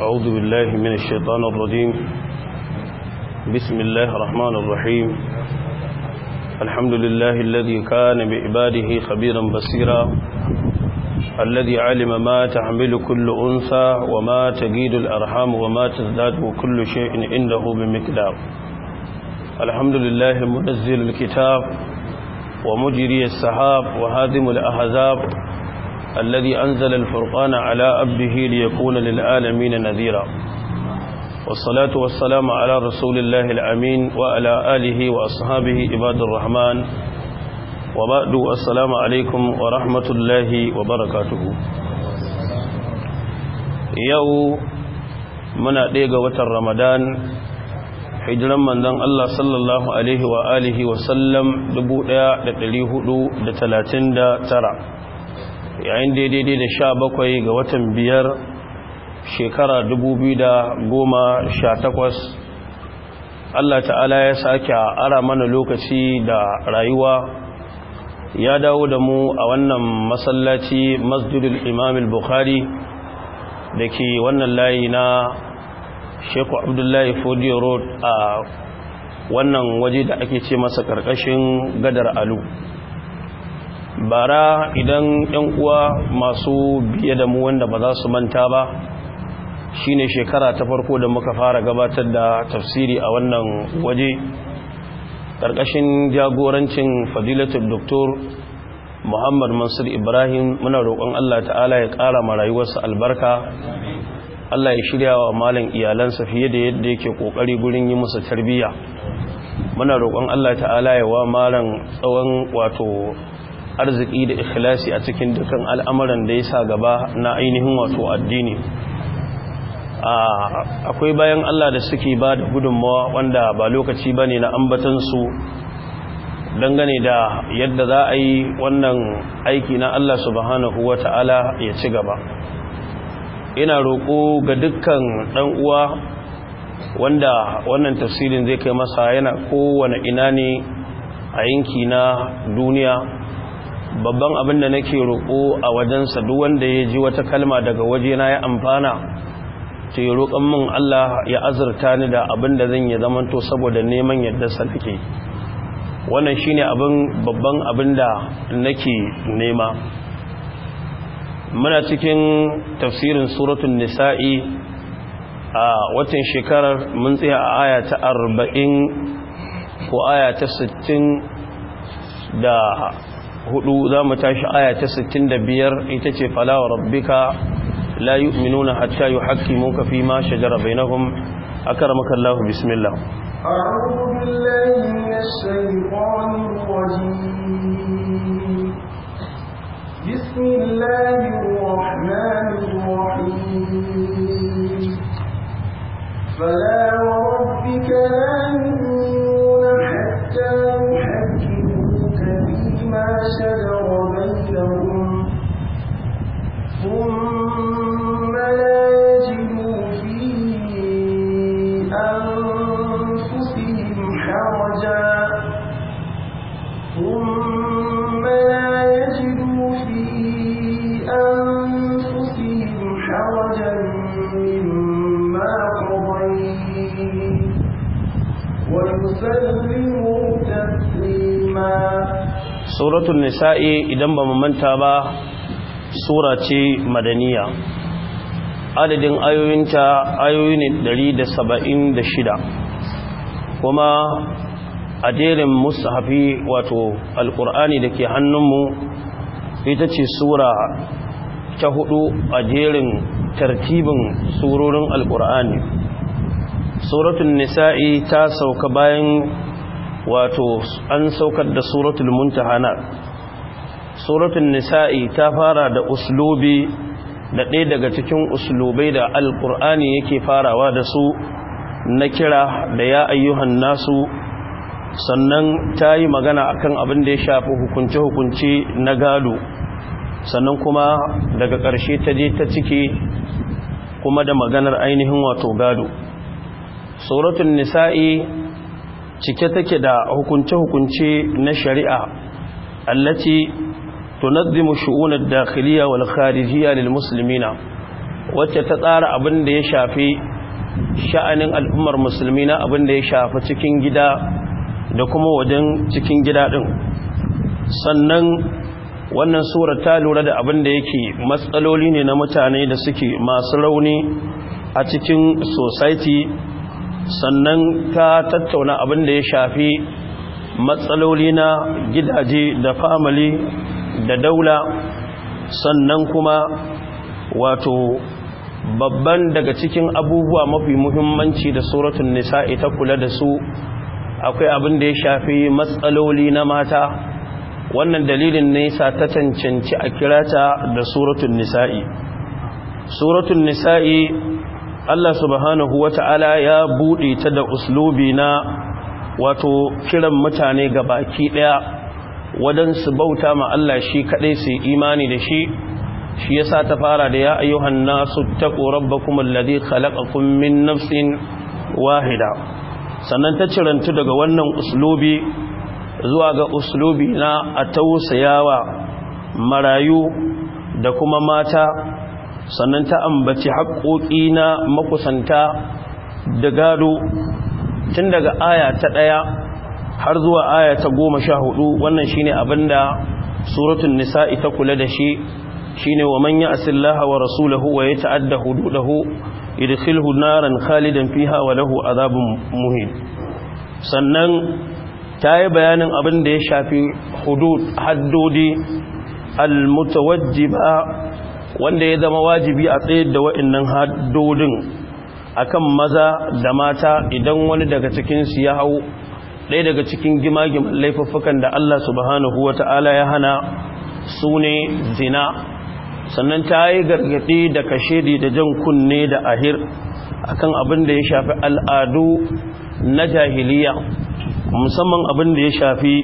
أعوذ بالله من الشيطان الرجيم بسم الله الرحمن الرحيم الحمد لله الذي كان بعباده خبيرا بصيرا الذي علم ما تحمل كل أنثى وما تجيد الأرحام وما تزداد كل شيء عنده بمقدار الحمد لله منزل الكتاب ومجري السحاب وهادم الأحزاب الذي أنزل الفرقان على عبده ليكون للعالمين نذيرا والصلاة والسلام على رسول الله الأمين وعلى آله وأصحابه عباد الرحمن وبعد السلام عليكم ورحمة الله وبركاته يو منا ديغا وتر رمضان hijiran manzon Allah sallallahu alaihi wa alihi wa sallam 1439 yayin daidai da sha bakwai ga watan biyar shekara da goma sha takwas Allah ta'ala ya sake ara mana lokaci da rayuwa ya dawo da mu a wannan masallaci masjidul imam bukhari da ke wannan layi na sheku abdullahi fodiyo road a wannan waje da ake ce masa karkashin gadar alu bara idan yan uwa masu biye da mu wanda ba za su manta ba shine shekara ta farko da muka fara gabatar da tafsiri a wannan waje ƙarƙashin jagorancin fadilatul doktor muhammad mansur ibrahim muna roƙon allah ta'ala ya ƙara marayuwarsa albarka allah ya shirya wa malin iyalansa fiye da yadda yake ƙoƙari gurin yi musu tarbiyya muna roƙon allah ta'ala ya wa malin tsawon wato arziki da ikhlasi a cikin dukkan al'amuran da ya sa gaba na ainihin wato addini akwai bayan Allah da suke ba da gudunmawa wanda ba lokaci ba ne na su dangane da yadda za a yi wannan aiki na Allah subhanahu wa ta'ala ya ci gaba ina roƙo ga dukkan ɗan uwa wanda wannan tafsirin zai kai masa yana kowane ina ne a yanki na duniya babban abin da nake roƙo a wajensa duk wanda ya ji wata kalma daga wajena ya amfana ta yi roƙon min Allah ya azurta ni da abin da zan yi zamanto saboda neman yadda sarki wannan shine abin babban abin da nake nema muna cikin tafsirin suratun nisa'i a watan shekarar mun tsaya a aya ta arba'in ko aya ta sittin da hudu za mu tashi aya ta 65 ita ce falawa rabbika la yu'minuna hatta yuhaqqimuka fi ma shajara bainahum akramaka Allah bismillah a'udhu billahi minash shaitanir rajim bismillahir rahmanir rahim fala rabbika la yu'minuna hatta yuhaqqimuka fi بما شجر بينهم ثم لا suratun nisa'i idan ba manta ba sura ce madaniya adadin ayoyinta ayoyi ne shida, kuma a jerin mushafi wato alkur'ani da ke hannunmu ita ce sura ta hudu a jerin tartibin surorin alkur'ani suratun nisa'i ta sauka bayan wato an saukar da suratul muntahana suratul nisa'i ta fara da uslubi da ɗaya daga cikin uslubai da alkur'ani yake farawa da su na kira da ya ayyuhan nasu sannan ta yi magana akan abin da ya shafi hukunce-hukunce na gado sannan kuma daga ƙarshe ta je ta ciki kuma da maganar ainihin wato gado suratun nisa'i cike take da hukunce-hukunce na shari'a allaci tunazzimu shu'unar dakhiliya wal kharijiyya lil muslimina wacce ta tsara abin da ya shafi sha'anin al'ummar musulmina abin da ya shafi cikin gida da kuma wajen cikin gida din sannan wannan sura ta lura da abin da yake matsaloli ne na mutane da suke masu rauni a cikin society sannan ka tattauna abin da ya shafi matsaloli na gidaje da famali da daula sannan kuma wato babban daga cikin abubuwa mafi muhimmanci da suratun nisa'i ta kula da su akwai abin da ya shafi matsaloli na mata wannan dalilin nisa ta cancanci a kirata da suratun nisa'i suratun nisa'i Allah subhanahu wata'ala ya buɗe ta da uslubi na wato kiran mutane ga baki ɗaya waɗansu su bauta ma Allah shi kaɗai su imani da shi shi ya sa ta fara da ya ayyuhan nasu taqu rabbakum alladhi khalaqakum min nafsin wahida sannan ta cirantu daga wannan uslubi zuwa ga uslubi na a tausayawa marayu da kuma mata sannan ta ambaci haƙoƙi na makusanta da gado tun daga aya ta ɗaya har zuwa aya ta goma sha hudu wannan shine abinda suratun nisa ita kula da shi shine wa manya asillaha wa rasulahu wa yata'adda hududahu yadkhilhu naran khalidan fiha wa lahu adhabun muhin sannan ta yi bayanin abin da ya shafi hudud haddodi almutawajjiba wanda ya zama wajibi a tsayar da wa'annan haddodin akan maza da mata idan wani daga cikin su ya hau ɗaya daga cikin gimagin laifuffukan da Allah subhanahu Ta'ala ya hana su ne zina sannan ta yi gargaɗi da kashedi da jan kunne da ahir akan abin da ya shafi al'adu na jahiliya musamman abin da ya shafi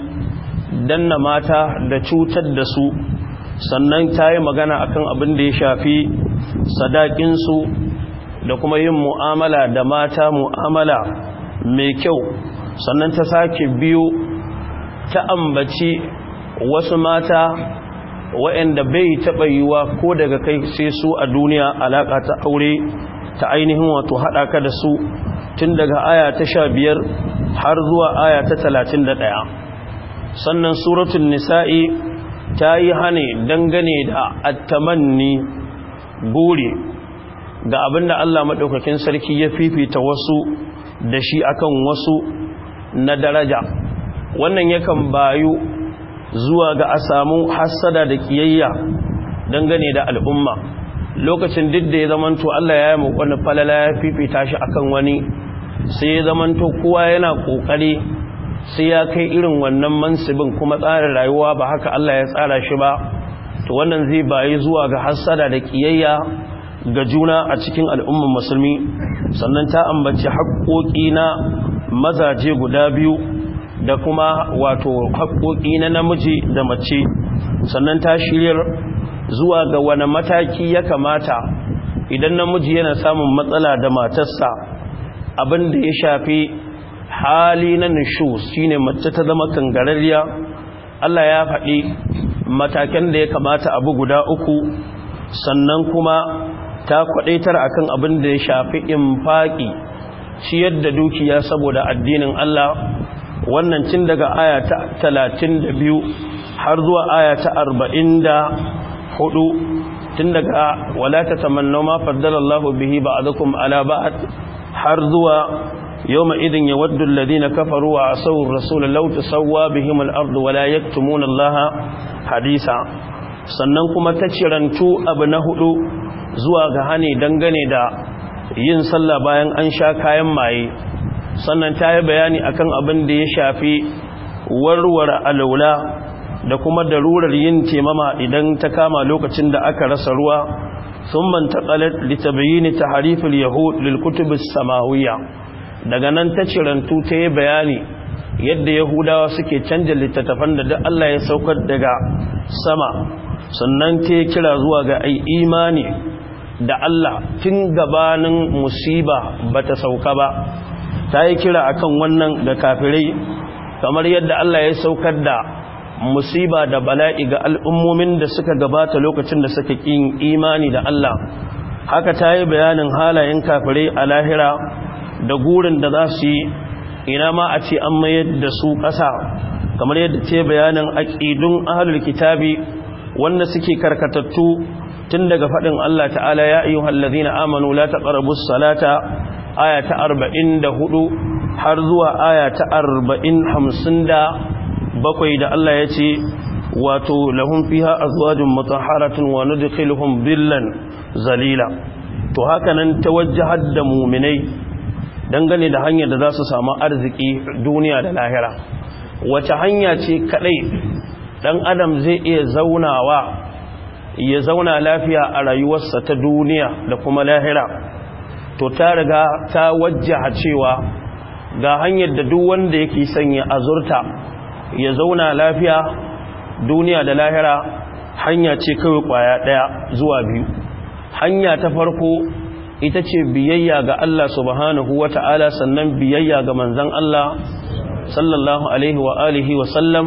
danna mata da cutar da su sannan ta yi magana akan abin da ya shafi sadakinsu da kuma yin mu'amala da mata mu'amala mai kyau sannan ta sake biyu ta ambaci wasu mata waɗanda bai taɓa yiwuwa ko daga kai sai su a duniya alaƙa ta aure ta ainihin wato haɗa ka da su tun daga aya ta sha biyar har zuwa aya ta talatin da ɗaya sannan suratun nisa'i ta yi hane dangane da attamanni buri ga abinda Allah maɗaukakin sarki ya fifita wasu da shi akan wasu na daraja wannan yakan bayu zuwa ga a samu hassada da kiyayya dangane da al'umma lokacin duk da ya zamanto Allah ya yi mu falala ya fifita shi akan wani sai ya zamanto kowa yana ƙoƙari sai ya kai irin wannan mansibin kuma tsarin rayuwa ba haka Allah ya tsara shi ba to wannan zai bayi zuwa ga hassada da kiyayya ga juna a cikin al'ummar musulmi sannan ta ambaci haƙoƙi na mazaje guda biyu da kuma wato haƙoƙi na namiji da mace sannan ta shiryar zuwa ga wani mataki ya kamata idan namiji yana samun matsala da matarsa abin da ya shafi hali na nishu shine mace ta zama kangararriya Allah ya faɗi matakan da ya kamata abu guda uku sannan kuma ta kwadaitar akan abin da ya shafi infaki ciyar da dukiya saboda addinin Allah wannan cin daga aya ta 32 har zuwa aya ta hudu, tun daga wala tatamannu ma faddala Allah bihi ba'dakum ala ba'd har zuwa يوم إذن يود الذين كفروا وعصوا الرسول لو تسوى بهم الأرض ولا يكتمون الله حديثا sannan kuma ta cirantu abu na hudu zuwa ga hane dangane da yin sallah bayan an sha kayan maye sannan ta yi bayani akan abin da ya shafi warware alaula da kuma darurar yin temama idan ta kama lokacin da aka rasa ruwa sun manta ƙalar litabayini ta harifin yahud lilkutubis samawiyya daga nan ta cirantu ta yi bayani yadda yahudawa suke canja littattafan da duk Allah ya saukar daga sama sannan ta kira zuwa ga ai imani da Allah tun gabanin musiba ba ta sauka ba ta yi kira akan wannan ga kafirai kamar yadda Allah ya saukar da musiba da bala'i ga al'ummomin da suka gabata lokacin da suka ƙin imani da Allah haka ta yi bayanin halayen kafirai a lahira da gurin da za su yi ina ma a ce an mayar da su ƙasa kamar yadda ce bayanin aƙidun ahalul kitabi wanda suke karkatattu tun daga faɗin Allah ta'ala ya yi hallazina amanu la taqrabus salata aya ta 44 har zuwa aya ta 40 bakwai da Allah ya ce wato lahum fiha azwajun mutahharatun wa nudkhiluhum billan zalila to haka nan tawajjahad da mu'minai dangane da hanyar da za su samu arziki duniya da lahira wace hanya ce kadai dan adam zai iya zaunawa ya zauna lafiya a rayuwarsa ta duniya da kuma lahira to ta riga ta wajjaha cewa ga hanyar da duk wanda yake sanya azurta ya zauna lafiya duniya da lahira hanya ce kawai kwaya daya zuwa biyu hanya ta farko ita ce biyayya ga Allah subhanahu wa ta'ala sannan biyayya ga manzan Allah sallallahu alaihi wa alihi wa sallam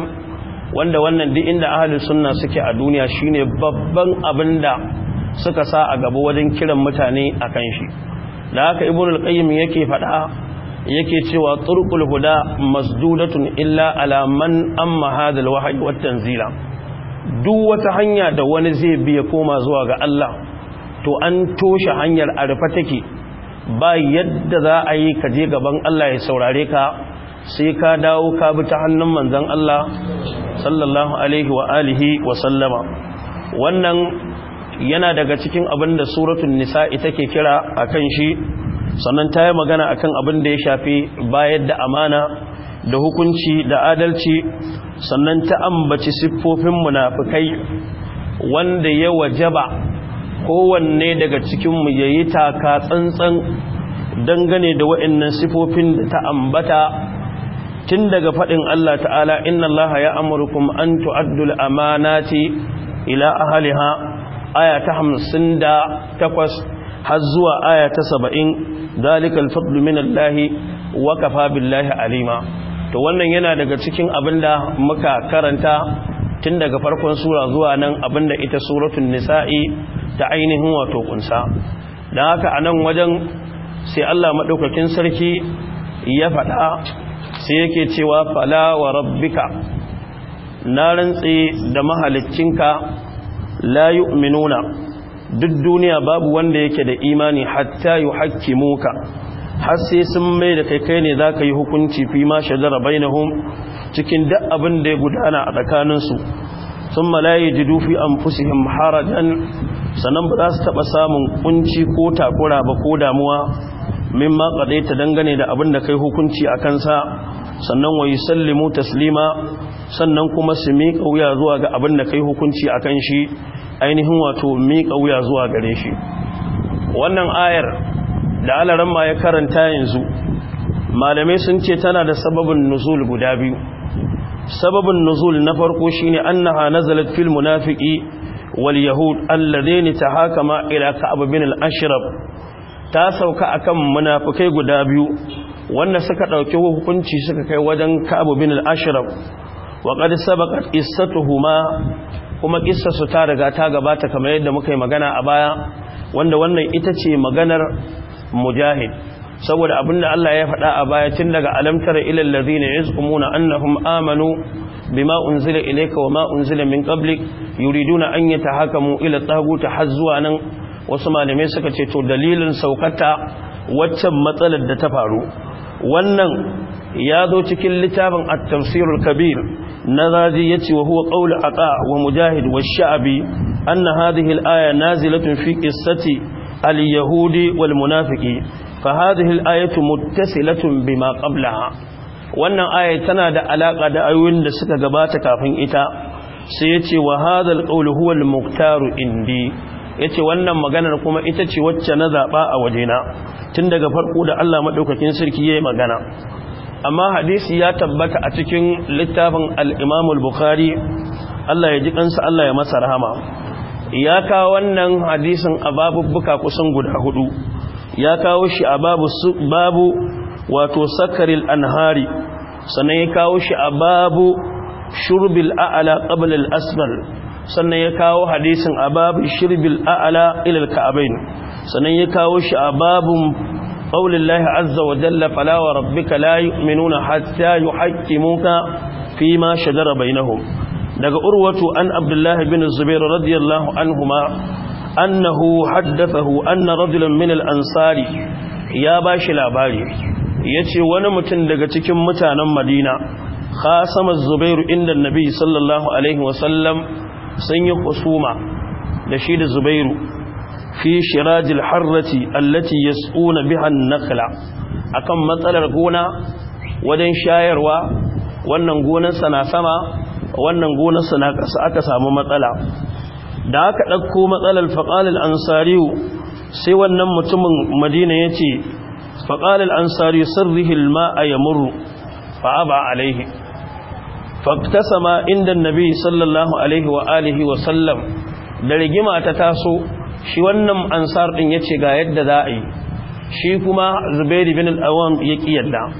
wanda wannan duk inda ahalin suna suke a duniya shine babban abin da suka sa a gaba wajen kiran mutane a kan shi da haka ibnu al-qayyim yake fada yake cewa turqul huda masdudatun illa alaman man amma hadha al-wahyi wat duk wata hanya da wani zai biya koma zuwa ga Allah to an toshe hanyar a rufe take ba yadda za a yi ka je gaban Allah ya saurare ka sai ka dawo ka bi ta hannun manzon Allah sallallahu alaihi wa alihi wa sallama wannan yana daga cikin abin da suratul nisa ita ke kira akan shi sannan ta yi magana akan abin da ya shafi bayar da amana da hukunci da adalci sannan ta ambaci siffofin munafikai wanda ya wajaba kowanne daga cikinmu ya yi taka tsantsan dangane da wa'annan sifofin da ta ambata tun daga faɗin Allah ta'ala inna Allah ya amurkum an tu'addul amanati ila ahliha aya ta 58 har zuwa aya ta 70 zalikal fadlu minallahi wa kafa billahi alima to wannan yana daga cikin abinda muka karanta tun daga farkon sura zuwa nan abinda ita suratun nisa'i ta ainihin wato kunsa don haka a nan wajen sai Allah maɗaukakin sarki ya faɗa sai yake cewa fala wa rabbika na rantsi da mahalicinka la yu'minuna duk duniya babu wanda yake da imani hatta yuhakkimuka har sai sun mai da kai kai ne za ka yi hukunci fi ma shajara hun cikin da abin da ya gudana a tsakaninsu sun malaye ji dufi an fusihim harajan sannan ba za su taɓa samun kunci ko takura ba ko damuwa min ma ta dangane da abin da kai hukunci a kansa sannan wa yi sallimu taslima sannan kuma su miƙa wuya zuwa ga abin da kai hukunci a kan shi ainihin wato miƙa wuya zuwa gare shi wannan ayar da alaran ma ya karanta yanzu malamai sun ce tana da sababin nuzul guda biyu sababin nuzul na farko shine annaha nazalat fil munafiqi wal yahud alladhina tahakama ila ka'ab bin al ashrab ta sauka akan munafikai guda biyu wanda suka dauki hukunci suka kai wajen ka'ab bin al ashraf wa qad sabaqat qissatuhuma kuma qissatu ta riga ta gabata kamar yadda muka yi magana a baya wanda wannan ita ce maganar mujahid saboda abinda Allah ya faɗa a baya tun daga alamtar ilal ladina yazqumuna annahum amanu bima unzila ilayka wama unzila min qablik yuriduna an yatahakamu ila taghut hazwa nan wasu malamai suka ce to dalilin saukata waccan matsalar da ta faru wannan ya zo cikin littafin at-tafsirul kabir nazazi yace wa huwa qawl aqa wa mujahid wa sha'bi anna hadhihi al-aya nazilatun fi qissati Aliyahudi walmunafiki, wal munafiqi fa hadhihi al muttasilatun bima qablaha wannan aya tana da alaka da ayoyin da suka gabata kafin ita sai yace wa hadha al-qawl huwa al indi yace wannan maganar kuma ita ce wacce na zaba a wajena tun daga farko da Allah madaukakin sarki yayi magana amma hadisi ya tabbata a cikin littafin al-Imam al-Bukhari Allah ya ji kansa Allah ya masa rahama ya kawo wannan hadisin a babubbuka kusan guda hudu ya kawo shi a babu wato sakaril anhari sannan ya kawo shi a babu shurbil a'ala qabla al sannan ya kawo hadisin a babu shurbil a'ala ila al-ka'bayn sannan ya kawo shi a babun qaulillahi azza wa jalla fala wa rabbika la yu'minuna hatta yuhaqqimuka fima shajara bainahum daga urwatu an abdullahi bin Zubairu radiyallahu ma annahu haddathahu anna rajulan min al-ansari ya bashi labari yace wani mutum daga cikin mutanen Madina khasama zubairu inda nabi sallallahu alaihi wasallam sun yi husuma da shi da zubairu fi shirajil harrati allati yas'una biha an-nakhla akan matsalar gona wajen shayarwa wannan gonarsa na sama wannan gonarsa na ƙasa aka samu matsala da aka ɗauko matsalar faƙalar ansariyu sai wannan mutumin madina ya ce faƙalar ansariyu sirrihil ma'a ya muru fa'aba alaihi faktasama inda nabi sallallahu alaihi wa alihi wa sallam da rigima ta taso shi wannan ansar ɗin ya ce ga yadda za a yi shi kuma zubairu bin al'awam ya ƙi yadda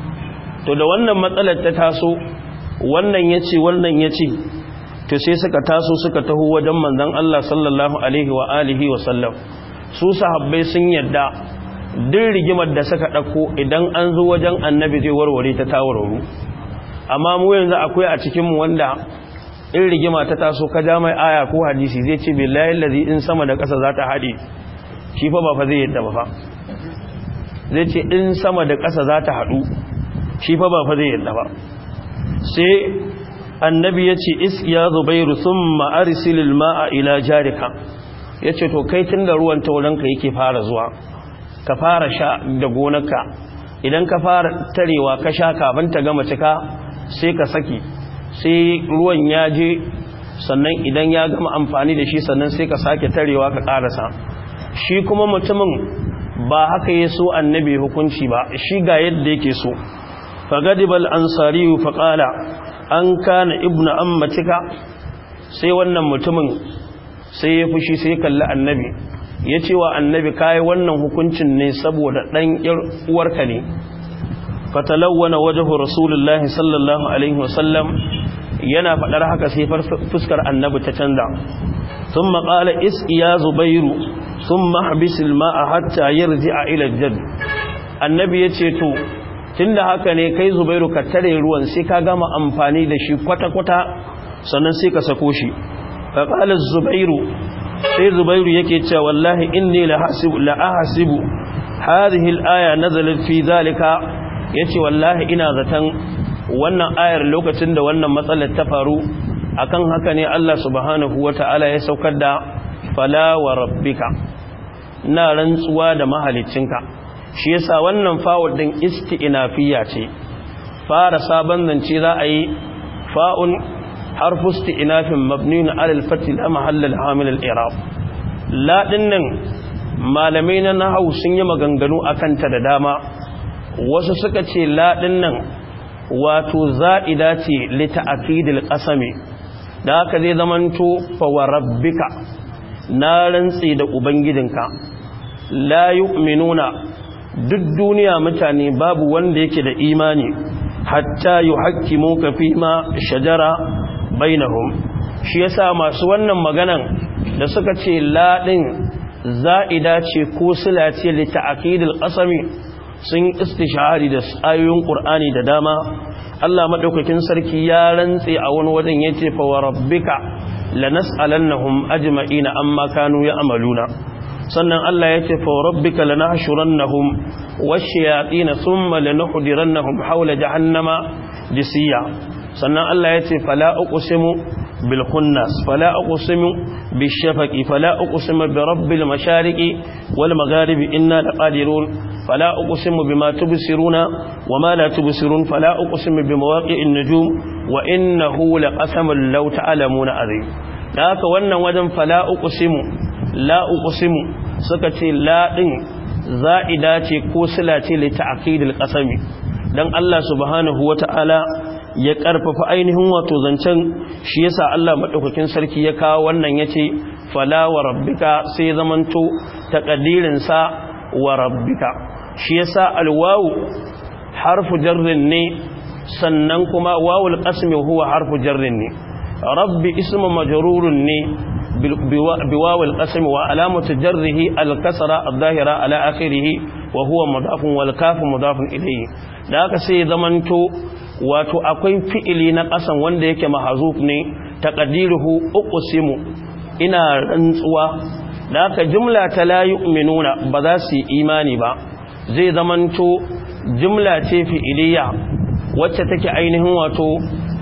to da wannan matsalar ta taso wannan ya ce wannan ya ce to sai suka taso suka taho wajen manzan Allah sallallahu alaihi wa alihi wa sallam su sahabbai sun yadda din rigimar da suka ɗauko idan an zo wajen annabi zai warware ta tawararru amma mu yanzu akwai a cikinmu wanda in rigima ta taso ka ja mai aya ko hadisi zai ce billahi allazi in sama da ƙasa za ta haɗe shi fa ba fa zai yadda ba fa zai ce in sama da ƙasa za ta haɗu shi fa ba fa zai yadda ba sai annabi ya ce iskiya zubairu sun silil ma'a ila jarika ya ce to kai tun da ruwan taurinka yake fara zuwa ka fara sha da gonarka idan ka fara tarewa ka sha kafin ta gama cika sai ka saki sai ruwan ya je sannan idan ya gama amfani da shi sannan sai ka sake tarewa ka karasa shi kuma mutumin ba haka ya so annabi hukunci ba shi ga yadda yake so فغضب الأنصاري فقال أن كان ابن cika, sai wannan mutumin sai ya fushi sai kalli annabi ya ce wa annabi kayi wannan hukuncin ne saboda ɗan uwarka ne fatalawwana wajahu rasulullahi sallallahu alaihi wasallam yana faɗar haka sai fuskar annabi ta canza sun maƙala is'iya zubairu sun mahabisul ma'a hatta yarji a ilajjad annabi ya ce to tunda haka ne kai zubairu ka tare ruwan sai ka gama amfani da shi kwata-kwata sannan sai ka sako shi ka kala zubairu sai zubairu yake cewa wallahi inni la hasibu hadhihi al-aya nazalat fi zalika yace wallahi ina zatan wannan ayar lokacin da wannan matsalar ta faru akan haka ne Allah subhanahu wata'ala ya saukar da fala wa rabbika na rantsuwa da mahaliccinka shi yasa wannan fa'ul din isti'nafiya ce fara sabon zance za a yi fa'un harfu isti'nafin mabniun ala al-fath al-hamil al-i'rab la dinnan malamai na nahaw sun yi maganganu akan ta da dama wasu suka ce la dinnan wato za'ida ce li ta'kidil qasami da haka zai zamanto fa rabbika na rantsi da ubangidinka la yu'minuna duk duniya mutane babu wanda yake da imani hatta yuhaqqimu ka fi ma shajara bainahum shi yasa masu wannan maganan da suka ce laɗin za'ida ce ko sila ce li ta'kidil qasami sun istishari da ayoyin qur'ani da dama Allah madaukakin sarki ya rantse a wani wajen yace fa wa lanas'alannahum ajma'ina amma kanu amaluna. sannan Allah ya ce fa rabbika lanahshurannahum washayatin thumma lanuhdirannahum hawla jahannama jisiya sannan Allah ya ce fala uqsimu bil khunnas fala uqsimu bil shafaqi fala uqsimu bi rabbil mashariqi wal magharibi inna laqadirun fala uqsimu bima tubsiruna wama la tubsirun fala uqsimu bi mawaqi'in nujum wa hula innahu laqasamun alamu na azim da haka wannan wajen fala uqsimu la uqsimu suka ce la din za'ida ce ko sila ce li ta'qidil qasami dan Allah subhanahu ta'ala ya karfafa ainihin wato zancen shi yasa Allah maɗaukakin sarki ya kawo wannan yace fala wa rabbika sai zamanto taqdirin sa wa rabbika shi yasa alwawu harfu jarrin ne sannan kuma wawul qasmi huwa harfu jarrin ne rabbi ismu majrurun ne بواو القسم وعلامة جره الكسرة الظاهرة على آخره وهو مضاف والكاف مضاف إليه ذاك سيدمنتو wato akwai fi'ili na ƙasan wanda yake mahazuf ne taqdiruhu uqsimu ina rantsuwa da aka jumla ta la yu'minuna ba za su yi imani ba zai zamanto jumla ce fi'iliya wacce take ainihin wato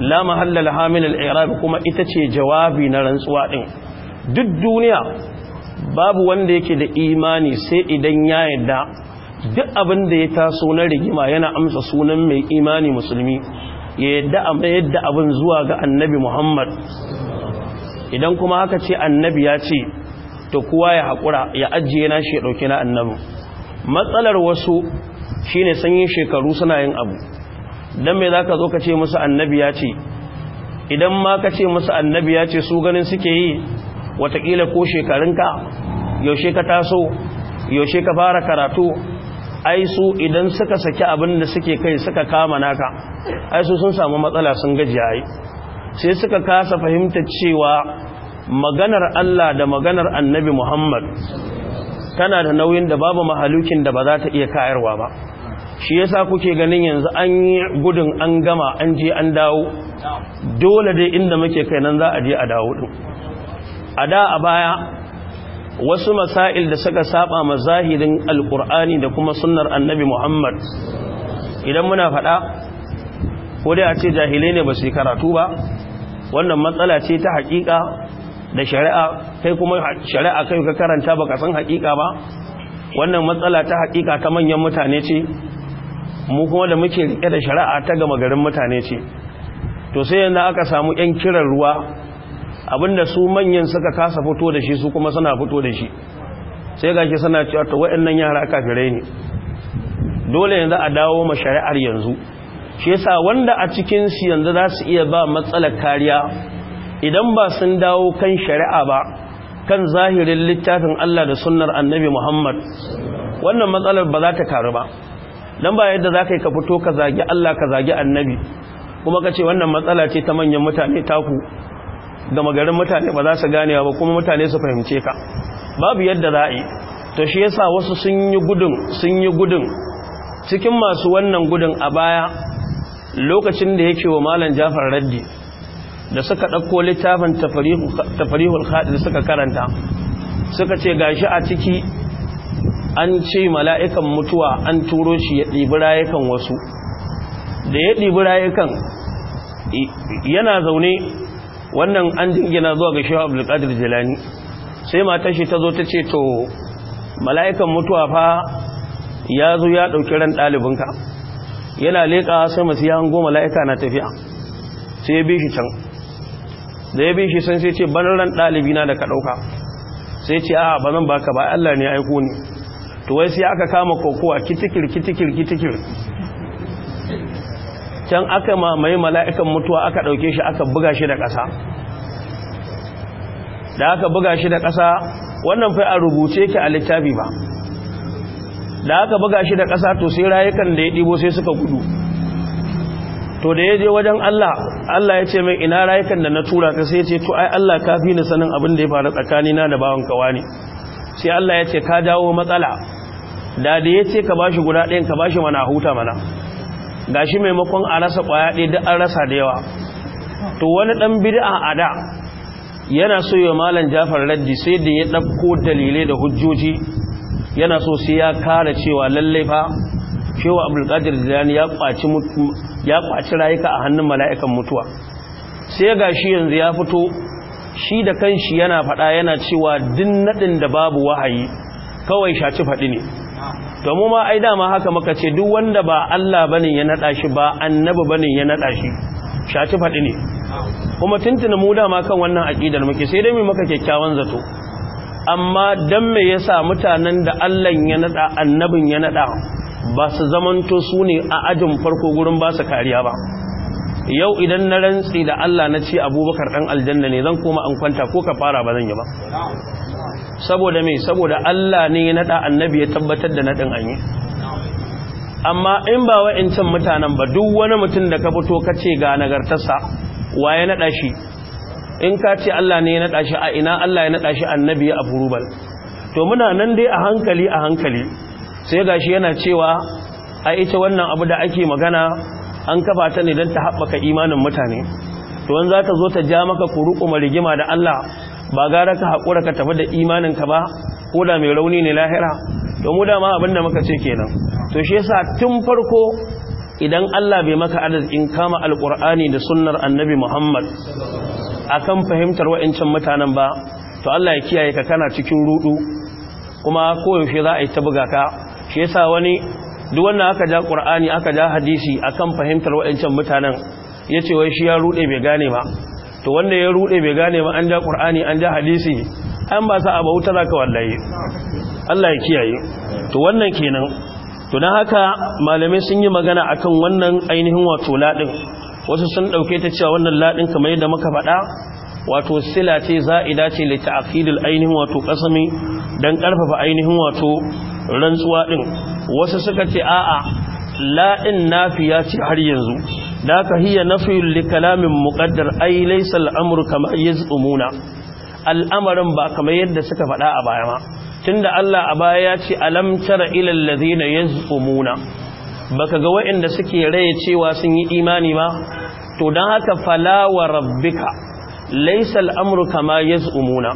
la mahalla al-hamil kuma ita ce jawabi na rantsuwa din duk duniya babu wanda yake da imani sai idan ya yadda duk abin da ya taso na rigima yana amsa sunan mai imani musulmi ya yadda a mai yadda abin zuwa ga annabi muhammad idan kuma haka ce annabi ya ce to kuwa ya haƙura ya ajiye na shi ya ɗauki na annabi matsalar wasu shine sanyin shekaru suna yin abu don mai za ka zo ka ce musu annabi ya ce idan ma ka ce musu annabi ya ce su ganin suke yi Wataƙila ko shekarunka yaushe ka taso yaushe ka fara karatu ai su idan suka saki abin da suke kai suka kama naka ai su sun samu matsala sun gaji ai sai suka kasa fahimta cewa maganar Allah da maganar Annabi Muhammad tana da nauyin da babu mahalukin da ba za ta iya kayarwa ba shi yasa kuke ganin yanzu an yi gudun an gama an je an dawo dole dai inda muke kai nan za a je a dawo din a da a baya wasu masail da suka saba ma zahirin alkur'ani da kuma sunnar annabi muhammad idan muna faɗa ko dai a ce jahilai ne ba su karatu ba wannan matsala ce ta hakika da shari'a kai kuma shari'a kai ka karanta baka san hakika ba wannan matsala ta hakika ta manyan mutane ce mu kuma da muke riƙe da shari'a ta gama garin mutane ce to sai yanzu aka samu 'yan kiran ruwa abinda su manyan suka kasa fito da shi su kuma suna fito da shi sai gashi suna cewa to waɗannan yara kafirai ne dole yanzu a dawo ma shari'ar yanzu shi yasa wanda a cikin su yanzu za su iya ba matsalar kariya idan ba sun dawo kan shari'a ba kan zahirin littafin Allah da sunnar Annabi Muhammad wannan matsalar ba za ta karu ba dan ba yadda za ka yi ka fito ka zagi Allah ka zagi Annabi kuma kace wannan matsala ce ta manyan mutane taku da magarin mutane ba za su gane ba kuma mutane su fahimce ka babu yadda za yi to shi yasa wasu sun yi gudun sun yi gudun cikin masu wannan gudun a baya lokacin da yake wa malam jafar raddi da suka ɗauko littafin tafarihul haɗi suka karanta suka ce gashi a ciki an ce mala'ikan mutuwa an turo shi ya ɗibi rayukan wasu da ya ɗibi rayukan yana zaune wannan an jingina zuwa ga shehu abdulkadir jilani sai matar shi ta zo ta ce to mala'ikan mutuwa fa ya zo ya ɗauki ran ɗalibinka yana leƙa sama sai hango mala'ika na tafiya sai ya bi shi can da ya bi shi san sai ce banar ran na da ka ɗauka sai ce a ba zan baka ba Allah ne aiko ne to wai sai aka kama kokowa kitikir kitikir kitikir can aka mamaye mala'ikan mutuwa aka ɗauke shi aka buga shi da ƙasa da aka buga shi da ƙasa wannan fai a rubuce ki a littafi ba da aka buga shi da ƙasa to sai rayukan da ya ɗibo sai suka gudu to da ya je wajen Allah Allah ya ce mai ina rayukan da na tura ka sai ce to ai Allah ka fi ni sanin abin da ya faru tsakanina da bawan kawa ne sai Allah ya ce ka dawo matsala da da ya ce ka bashi guda ɗayan ka bashi mana huta mana gashi maimakon a rasa kwaya ɗaya da an rasa da yawa to wani ɗan bid'a a da yana so yi malam jafar raddi sai da ya ɗauko dalilai da hujjoji yana so sai ya kara cewa lallai fa cewa abdulkadir zilani ya kwaci rayuka a hannun mala'ikan mutuwa sai ga shi yanzu ya fito shi da kanshi yana faɗa yana cewa din naɗin da babu wahayi kawai shaci faɗi ne to mu ma ai dama haka muka ce duk wanda ba Allah bane ya nada shi ba annabi bane ya nada shi shaci fadi ne kuma tuntuna mu dama kan wannan aqidar muke sai dai mu maka kyakkyawan zato amma dan me yasa mutanen da Allah ya nada annabin ya nada ba su zamanto su ne a ajin farko gurin ba su kariya ba yau idan na rantsi da Allah na ce abubakar ɗan aljanna ne zan koma an kwanta ko ka fara ba zan yi ba saboda mai saboda Allah ne ya naɗa annabi ya tabbatar da naɗin an yi amma in ba wa'incan mutanen ba duk wani mutum da ka fito ka ce ga nagartarsa wa ya naɗa shi in ka ce Allah ne ya naɗa shi a ina Allah ya naɗa shi annabi ya rubal to muna nan dai a hankali a hankali sai gashi yana cewa a ita wannan abu da ake magana an kafa ta ne don ta haɓaka imanin mutane tuwan za ta zo ta ja maka kurukuma rigima da Allah ba gara ka haƙura ka tafi da imaninka ba ko da mai rauni ne lahira to mu dama da muka ce kenan to shi yasa tun farko idan Allah bai maka arzikin kama alkur'ani da sunnar annabi Muhammad akan fahimtar waɗancan mutanen ba to Allah ya kiyaye ka kana cikin rudu kuma koyaushe za a yi ta buga ka shi yasa wani duk wannan aka ja qur'ani aka ja hadisi akan fahimtar waɗancan mutanen yace wai shi ya rude bai gane ba to wanda ya rude bai gane ba an ja qur'ani an ja hadisi an ba sa abu wuta ka wallahi Allah ya kiyaye to wannan kenan to dan haka malamai sun yi magana akan wannan ainihin wato ladin wasu sun dauke ta cewa wannan ladin kamar yadda muka faɗa wato sila ce za'ida ce li ta'khidil ainihin wato kasami don karfafa ainihin wato rantsuwa din wasu suka ce a'a laɗin nafiya ce har yanzu daka hiya nafiyul li kalamin muqaddar ay laysa al-amru kama yazumuna al'amarin ba kamar yadda suka faɗa a baya ma tunda Allah a baya ya ce alam tara ila allazina Ba baka ga waɗanda suke raye cewa sun yi imani ba to dan haka fala wa rabbika Amurka ma kama umuna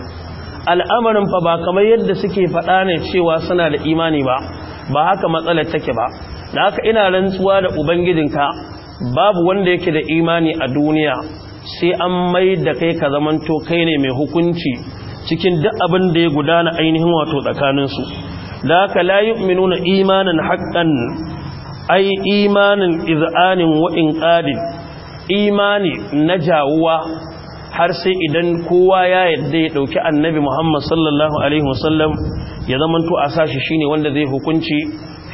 al'amarin fa ba kamar yadda suke faɗa ne cewa suna da imani ba ba haka matsalar take ba da haka ina rantsuwa da ubangijinka babu wanda yake da imani a duniya sai an mai da kai ka zamanto kai ne mai hukunci cikin duk abin da ya gudana ainihin wato tsakaninsu da haka la yu'minuna imanin haqqan ai imanin iz'anin wa'in ƙadin imani na jawuwa har sai idan kowa ya yadda ya dauki annabi Muhammad sallallahu alaihi wasallam ya zamanto a sashi shine wanda zai hukunci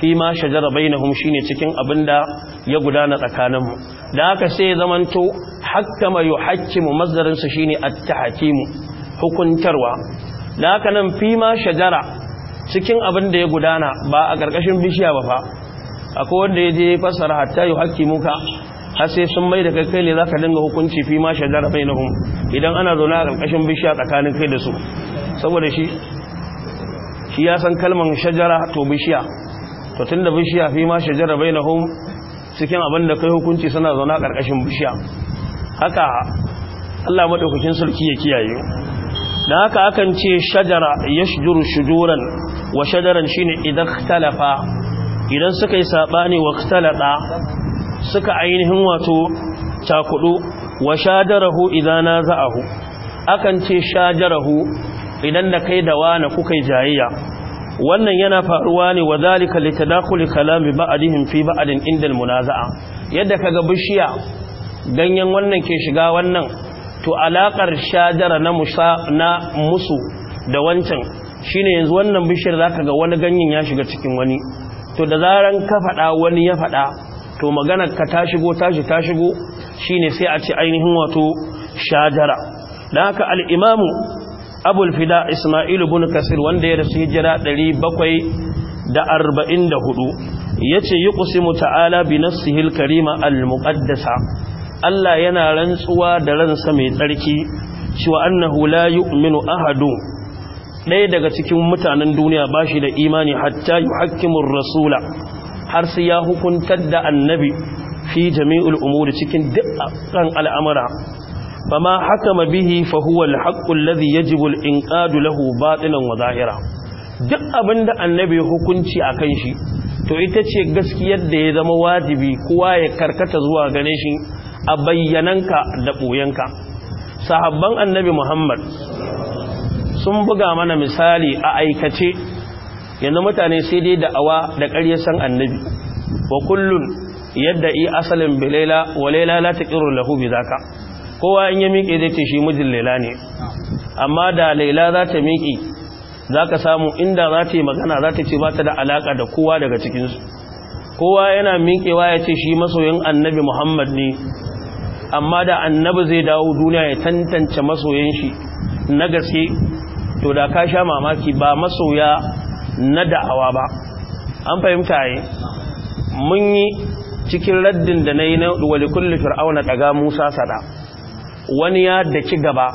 fi ma shajara bainahum shine cikin abinda ya gudana tsakanin mu da haka sai ya zamanto hakkama yuhakkimu mazdarin sa shine at hukuntarwa da haka nan fi ma shajara cikin abinda ya gudana ba a karkashin bishiya ba fa akwai wanda ya je fasara hatta yuhakkimuka har sai sun mai da kai kai ne za ka dinga hukunci fi ma shajara bai nahun idan ana zaune a ƙarƙashin bishiya tsakanin kai da su saboda shi shi ya san kalman shajara to bishiya to tun da bishiya fi ma shajara bai nahun cikin abin da kai hukunci suna zaune a ƙarƙashin bishiya haka allah maɗaukakin sarki ya kiyaye da haka akan ce shajara ya shujuru shujuran wa shajaran shine idan talafa idan suka yi saɓani wa talaɗa suka ainihin wato cakudu wa shajarahu idan naza'ahu akan ce shajarahu idan da kai da wani kuka jayayya wannan yana faruwa ne wa zalika litadakhul kalami ba'dihim fi ba'din inda munaza'a yadda kaga bishiya ganyen wannan ke shiga wannan to alakar shajara na musa na musu da wancan shine yanzu wannan bishiyar zaka ga wani ganyen ya shiga cikin wani to da zaran ka fada wani ya fada to maganar ka ta shigo tashi ta shigo shine sai a ce ainihin wato shajara da haka Al'imamu imamu abul fida isma'il ibn kasir wanda ya rasu hijira 744 yi yuqsimu ta'ala bi na sihil karima al-muqaddasa Allah yana rantsuwa da ransa mai tsarki cewa annahu la yu'minu ahadu ɗaya daga cikin mutanen duniya ba shi da imani hatta yi hakimin rasula har sai ya hukuntar da annabi fi jami'ul umuri cikin dukkan al'amura bama hakama bihi fa huwa al-haqqu alladhi yajibu al-inqadu lahu batilan wa zahira duk abinda annabi hukunci akan shi to ita ce gaskiyar da ya zama wajibi kowa ya karkata zuwa gane shi a bayyananka da boyanka sahabban annabi Muhammad sun buga mana misali a aikace yanzu mutane sai dai da awa da ƙarya san annabi wa kullun yadda i asalin bilaila wa laila la taqiru lahu kowa in ya miƙe zai ce shi mijin laila ne amma da laila za ta miƙe za ka samu inda za ta yi magana za ta ce ba ta da alaƙa da kowa daga cikinsu kowa yana miƙewa ya ce shi masoyin annabi muhammad ne amma da annabi zai dawo duniya ya tantance masoyin shi na gaske to da ka sha mamaki ba masoya na da'awa ba an fahimta yi mun yi cikin raddin da na yi na walikulli fir'auna daga musa sada wani ya daki gaba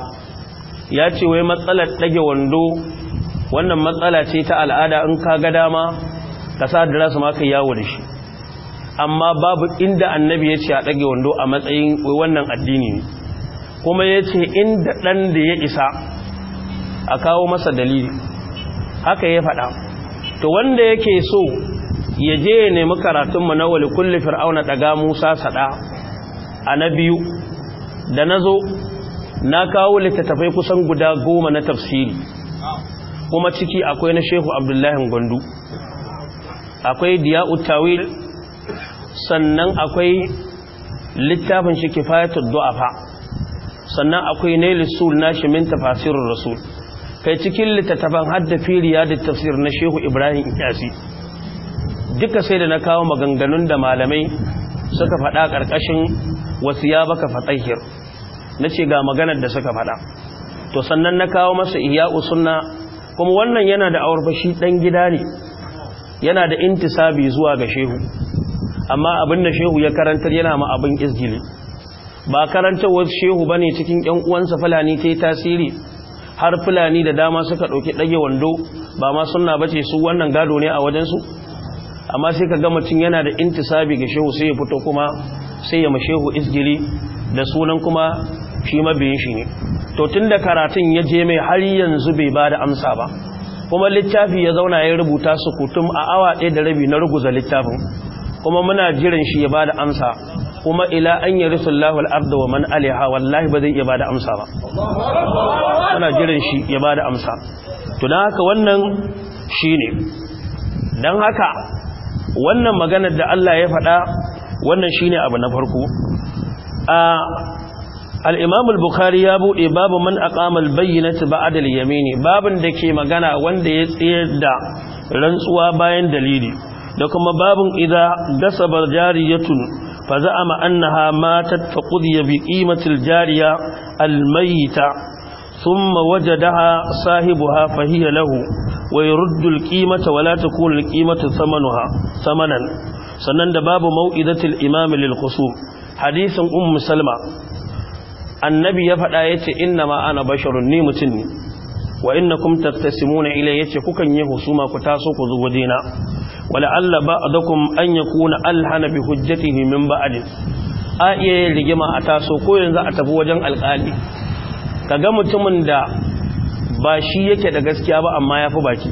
ya ce wai matsalar ɗage wando wannan matsala ce ta al'ada in ka ga dama ka sa da rasu maka yawo da shi amma babu inda annabi ya ce a ɗage wando a matsayin wannan addini ne kuma ya ce inda ɗan da ya isa a kawo masa dalili haka ya faɗa to wanda yake so ya je ya nemi karatunmu na wali kulli fir'auna daga musa sada a na biyu da na zo na kawo littattafai kusan guda goma na tafsiri kuma ciki akwai na shehu abdullahi gwandu akwai diya tawil sannan akwai littafin shi kifayatul du'afa sannan akwai nailu sul nashi min tafasirur rasul kai cikin littattafan hadda firiya da tafsir na shehu ibrahim kyasi duka sai da na kawo maganganun da malamai suka faɗa karkashin wasu ya baka fatahir na ce ga maganar da suka faɗa to sannan na kawo masa iya'u sunna kuma wannan yana da awarfashi ɗan gida ne yana da intisabi zuwa ga shehu amma abin da shehu ya karantar yana ma abin izgili ba karantar wasu shehu bane cikin ‘yan uwansa fulani ta yi tasiri har fulani da dama suka ɗauki ɗage wando ba ma suna bace su wannan gado ne a wajensu amma sai ka gama mutum yana da intisabi ga shehu sai ya fito kuma sai ya mashehu isgiri da sunan kuma shi mabiyin shi ne to tun da karatun ya je mai har yanzu bai ba da amsa ba kuma littafi ya zauna ya rubuta su kutum a awa ɗaya da rabi na ruguza littafin kuma muna jiran shi ya bada amsa kuma ila an yi risullahu al'abda wa man aliha wallahi ba zai iya bada amsa ba muna jiran shi ya bada amsa tuna haka wannan shi ne don haka wannan maganar da Allah ya faɗa wannan shi ne abu na farko a al’imamul bukari bukhari ya buɗe babu man aƙamal bayyanata ba adal yamini babin da ke magana wanda ya tsayar da rantsuwa bayan dalili da kuma babin idza gasabar jariyatun fa za'ama annaha matat fa qudiya bi qimatil jariya al mayta thumma wajadaha sahibuha fa hiya lahu wa yuruddu al qimata wa la takunu al qimatu thamanuha sannan da babu mau'idatul imam lil hadisin ummu salma annabi ya faɗa yace inna ma ana basharun ni mutum ne wa innakum tattasimuna ilai yace kukan yi husuma ku taso ku zo gudina wala alla ba'dakum an yakuna alhana bi hujjatihi min ba'd a iya yin rigima a taso ko yanzu a tafi wajen alƙali ga mutumin da ba shi yake da gaskiya ba amma yafi baki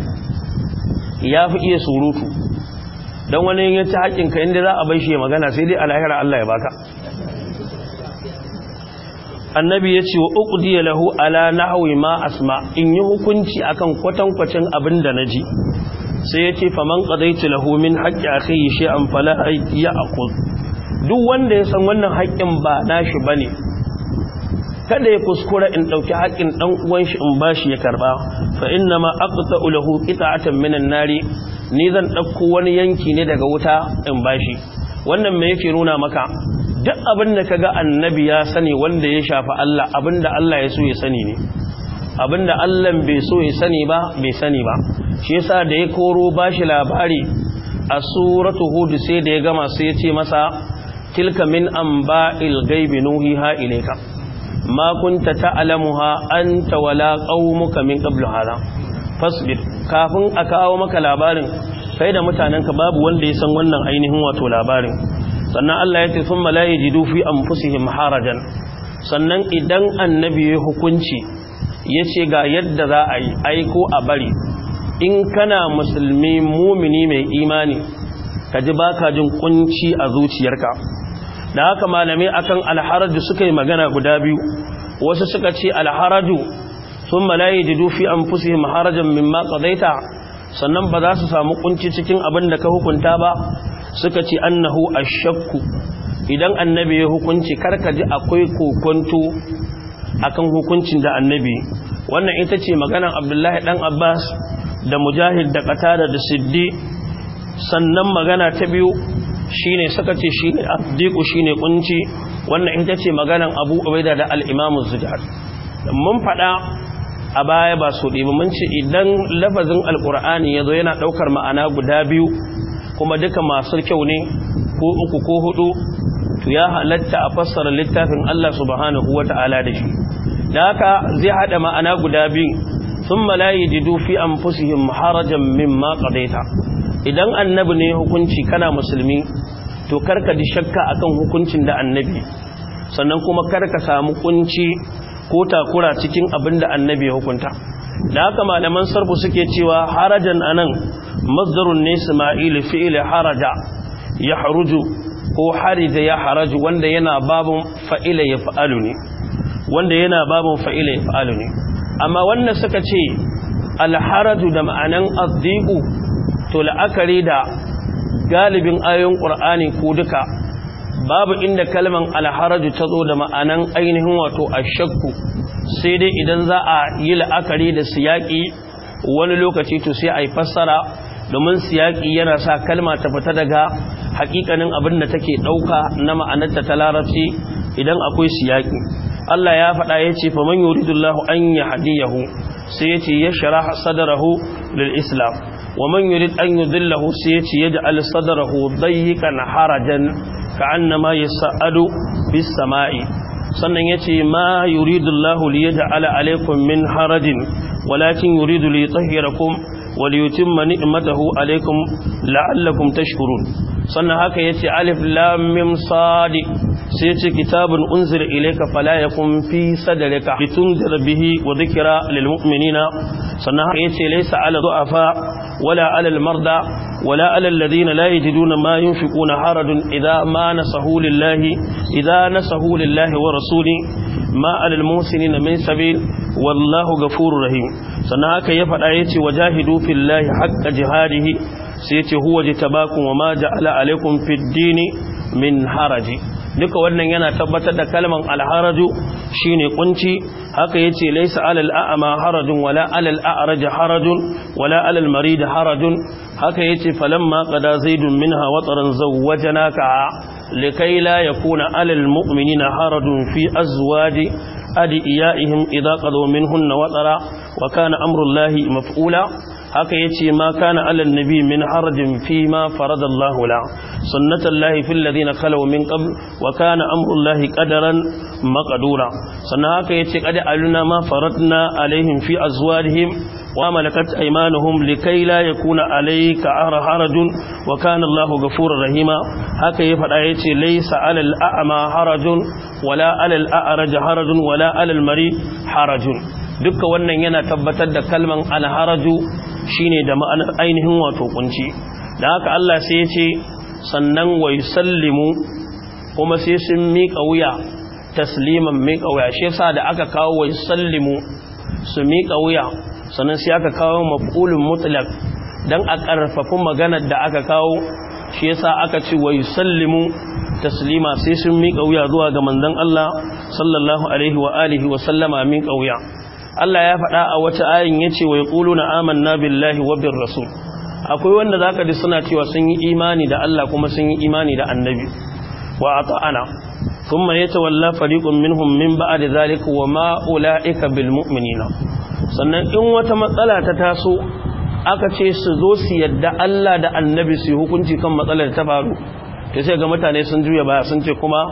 yafi iya surutu dan wani ya ci inda za a bai shi magana sai dai alahira Allah ya baka annabi ya ce wa uqdiya lahu ala nahwi ma asma in yi hukunci akan kwatankwacin abin da na ji. sai ya ce faman qadaitu lahu min haƙƙi a kai shi an fala ya'khudh duk wanda ya san wannan haƙƙin ba na nashi ne. kada ya kuskura in ɗauki haƙƙin ɗan uwan shi in bashi ya karɓa. fa inna ma aqta'u lahu qita'atan minan nari ni zan ɗauko wani yanki ne daga wuta in bashi wannan me yake nuna maka duk abin da ga annabi ya sani wanda ya shafi Allah abin Allah ya so ya sani ne abin Allah bai so ya sani ba bai sani ba shi yasa da ya koro bashi labari a suratu hud sai da ya gama sai ya ce masa tilka min anba'il ghaibi nuhiha ilayka ma kunta ta'lamuha anta wala qaumuka min qablu hada fasbir kafin a kawo maka labarin kai da mutanenka babu wanda ya san wannan ainihin wato labarin sannan Allah ya ce sun malaye jidu fi an fusihim harajan sannan idan annabi ya hukunci ya ce ga yadda za a yi aiko a bari in kana musulmi mumini mai imani ka ji ba ka jin kunci a zuciyarka da haka malamai akan alharaju suka yi magana guda biyu wasu suka ce alharaju sun malaye jidu fi an fusihim harajan mimma tsadaita. sannan ba za su samu kunci cikin abin da ka hukunta ba suka ce annahu ashakku idan annabi ya hukunci karka ji akwai kokonto akan hukuncin da annabi wannan ita ce maganan abdullahi dan abbas da mujahid da qatada da siddi sannan magana ta biyu shine suka ce shine afdiku shine kunci wannan ita ce maganan abu ubaida da al-imam mun fada a baya ba su ɗi mun idan lafazin alkur'ani ya zo yana ɗaukar ma'ana guda biyu kuma duka masu kyau ne ko uku ko hudu to ya halatta a fassara littafin Allah subhanahu wa ta'ala da shi da haka zai haɗa ma'ana guda biyu sun malayi jidu fi an fusihin harajan min ma idan annabi ne hukunci kana musulmi to karka di shakka akan hukuncin da annabi sannan kuma karka samu kunci ko takura cikin abin da annabi ya hukunta da haka malaman sarfu suke cewa harajan anan mazdarun ne isma'il fi'il haraja ya haruju ko harija ya haraju wanda yana babun fa'ila ya fa'alu ne wanda yana babun fa'ila ya fa'alu ne amma wannan suka ce alharaju da ma'anan azdiku to la'akari da galibin ayoyin ƙur'ani ko duka babu inda kalman alharaju ta zo da ma'anan ainihin wato a shakku sai dai idan za a yi la'akari da siyaƙi wani lokaci to sai a yi fassara domin siyaƙi yana sa kalma ta fita daga hakikanin abin da take ɗauka na ma'anarta ta larabci idan akwai siyaƙi. Allah ya faɗa ya ce faman yuridullahu an yahdiyahu sai ya ce ya shara sadrahu lil islam wa man yurid an yudillahu sai yace yaj'al sadrahu dayyikan harajan ka'annama yas'adu bis sama'i sannan yace ma yuridullahu liyaj'ala alaykum min harajin walakin yuridu liyutahhirakum wa liyutimma ni'matahu alaykum la'allakum tashkurun sannan haka yace alif lam mim sad sai yace kitabun unzila ilayka fala yakun fi sadrika bitunzir bihi wa dhikra lil mu'minina sannan haka yace laysa ala du'afa ولا على المرضى ولا على الذين لا يجدون ما ينفقون حرج إذا ما نصحوا لله إذا نصحوا لله ورسوله ما على المحسنين من سبيل والله غفور رحيم سنهاك يفعل آيتي وجاهدوا في الله حق جهاده سيتي هو جتباكم وما جعل عليكم في الدين من حرج duka wannan yana tabbatar da kalman alharaju shine kunci haka yace laysa alal a'ma harajun wala alal a'raj harajun wala alal marid harajun haka yace falamma qada zaidun minha wataran zawwajanaka likay la yakuna alal mu'minina harajun fi azwaji adiyaihim idza qadaw minhunna watara wa kana wakana amrullahi maf'ula haka yace ma kana alal nabi min harajin fi ma farada Allah la sunnatullahi fil ladina khalu min qabl wa kana amrullahi qadaran makadura sannan haka yace kada aluna ma faradna alaihim fi azwarihim wa malakat aymanuhum likay la yakuna alayka harajun wa kana Allahu ghafurur rahima haka ya fada yace laisa alal a'ma harajun wala alal a'raj harajun wala alal mari harajun dukkan wannan yana tabbatar da kalman alharaju shine da ma'anar ainihin wato kunci da haka Allah sai ya ce sannan wa yusallimu kuma sai sun miƙa wuya tasliman miƙa wuya shi yasa da aka kawo wa yusallimu su miƙa wuya sannan sai aka kawo maf'ulun mutlaq dan a karfafa maganar da aka kawo shi yasa aka ce wa yusallimu taslima sai sun miƙa wuya zuwa ga manzon Allah sallallahu alaihi wa alihi wa sallama miƙa wuya Allah ya faɗa a wata ayin yace wa yaquluna amanna billahi wa bir rasul akwai wanda zaka ji suna cewa sun yi imani da Allah kuma sun yi imani da annabi wa ata'ana thumma yatawalla fariqun minhum min ba'di zalika wa ma ulaika bil mu'minina sannan in wata matsala ta taso aka ce su zo su yadda Allah da annabi su yi hukunci kan matsalar ta faru to sai ga mutane sun juya ba sun ce kuma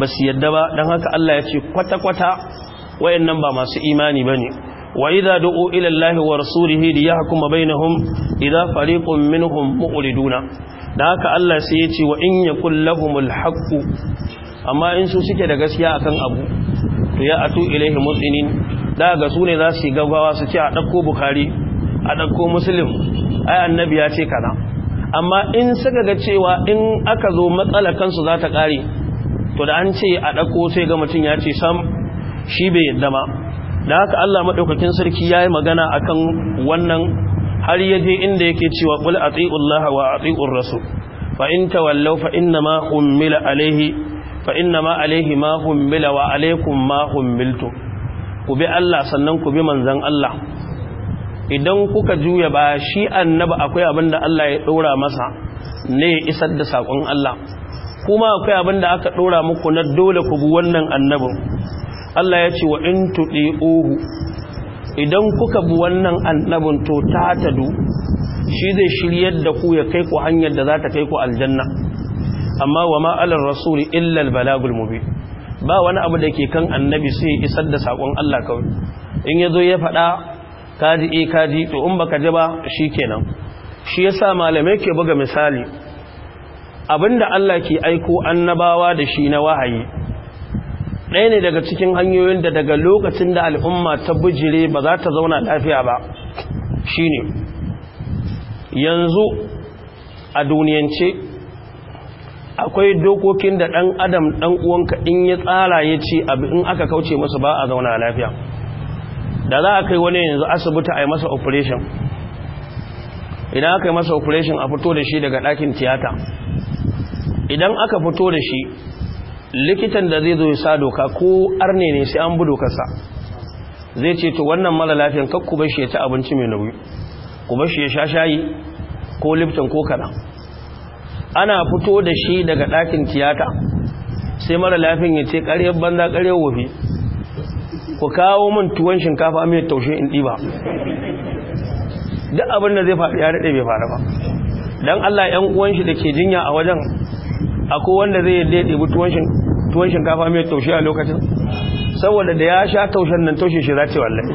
ba su yadda ba don haka Allah ya ce kwata-kwata wayannan ba masu imani bane wa idza du'u ila Allah wa rasulihi li yahkuma bainahum idza fariqun minhum mu'riduna da haka Allah sai ya ce wa in yakul lahumul haqqu amma in su suke da gaskiya akan abu to ya atu ilaihi muslimin da ga su ne za su gaggawa su ce a dauko bukhari a dauko muslim ai annabi ya ce kana amma in suka ga cewa in aka zo matsalar kansu za ta kare to da an ce a dauko sai ga mutun ya ce sam shi bai yadda ba da haka Allah madaukakin sarki yayi magana akan wannan har yaje inda yake cewa qul atiullaha wa atiur rasul fa in tawallaw fa ma ummila alayhi fa ma alayhi ma ummila wa alaykum ma ummiltu ku bi Allah sannan ku bi manzon Allah idan kuka juya ba shi annabi akwai abinda Allah ya dora masa ne isar da sakon Allah kuma akwai abinda aka dora muku na dole ku bi wannan annabin Allah ya ce wa in ohu idan kuka bi wannan annabin to ta tadu shi zai shiryar da ku ya kai ku hanyar da za ta kai ku aljanna amma wa ma'alar rasuli illa albalagul mubi ba wani abu da ke kan annabi sai isar da sakon Allah kawai in ya zo ya faɗa kaji e eh, kaji to in baka ji ba shi shikenan shi yasa malamai ke buga misali abinda Allah ke aiko annabawa da shi na wahayi ɗaya ne daga cikin hanyoyin da daga lokacin da al'umma ta bujire ba za ta zauna lafiya ba Shi ne. yanzu a duniyance akwai dokokin da ɗan adam ɗan uwanka in ya tsara ya ce abu in aka kauce masu ba a zauna lafiya da za a kai wani yanzu asibiti a yi masa operation idan aka yi masa operation a fito da shi daga ɗakin tiyata idan aka fito da shi likitan da zai zo ya sa doka ko arne ne sai an bi dokarsa zai ce to wannan mara lafiyan kakku ku bashi ya ci abinci mai nauyi ku bashi ya sha shayi ko lifton ko kana ana fito da shi daga ɗakin tiyata sai mara lafiyan ya ce ƙaryar banza ƙaryar wofi ku kawo min tuwon shinkafa mai taushe in ɗiba duk abin da zai faɗi ya daɗe bai fara ba don allah 'yan uwan shi da ke jinya a wajen akwai wanda zai yadda ya ɗebi tuwon shinkafa mai taushe a lokacin saboda da ya sha taushen nan taushe shi zace wallai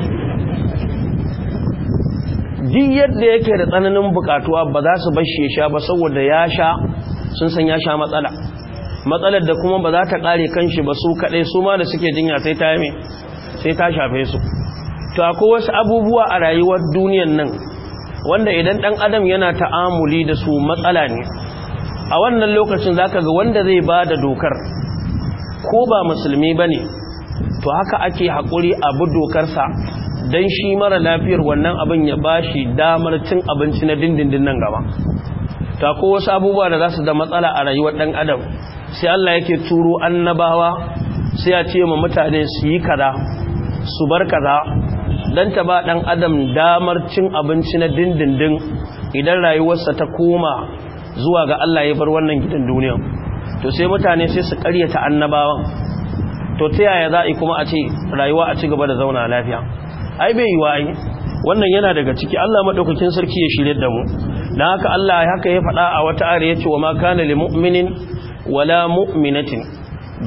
duk yadda yake da tsananin bukatuwa ba za su bashi ya sha ba saboda ya sha sun san ya sha matsala matsalar da kuma ba za ta kare kanshi ba su kaɗai su ma da suke jinya sai ta yame sai ta shafe su to akwai wasu abubuwa a rayuwar duniyan nan wanda idan ɗan adam yana ta'amuli da su matsala ne a wannan lokacin zaka ga wanda zai ba da dokar ko ba musulmi bane to haka ake haƙuri abu dokarsa don shi mara lafiyar wannan abin ya bashi damar cin abinci na dindindin nan gaba ta ko wasu abubuwa da za su da matsala a rayuwar ɗan adam sai Allah yake turo annabawa sai ya ce ma mutane su yi kaza su bar kaza don ta ba ɗan adam damar cin abinci na dindindin idan rayuwarsa ta koma zuwa ga Allah ya bar wannan gidan duniya to sai mutane sai su ƙaryata annabawan to ta yaya za a kuma a ce rayuwa a ci gaba da zauna lafiya ai bai yi wa'ai wannan yana daga ciki Allah madaukakin sarki ya shirye da mu dan haka Allah haka ya faɗa a wata ayar yace wa ma kana lil mu'minin wala mu'minatin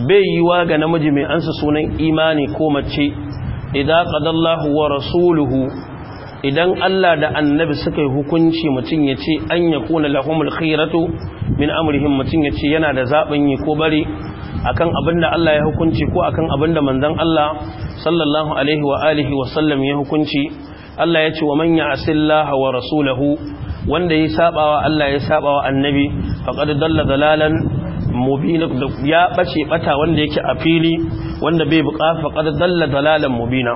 bai yi wa ga namiji mai ansa sunan imani ko mace idza qadallahu wa rasuluhu idan Allah da annabi suka yi hukunci mutum ya ce an ya kuna lahumul khiratu min amurihim mutum ya ce yana da zaɓin yi ko bari akan abin da Allah ya hukunci ko akan abin da manzan Allah sallallahu alaihi wa alihi wa sallam ya hukunci Allah ya ce wa man ya'sillaha wa rasulahu wanda ya saba wa Allah ya saba wa annabi faqad dalla dalalan mubin ya bace bata wanda yake a fili wanda bai buƙafa qad dalla dalalan mubina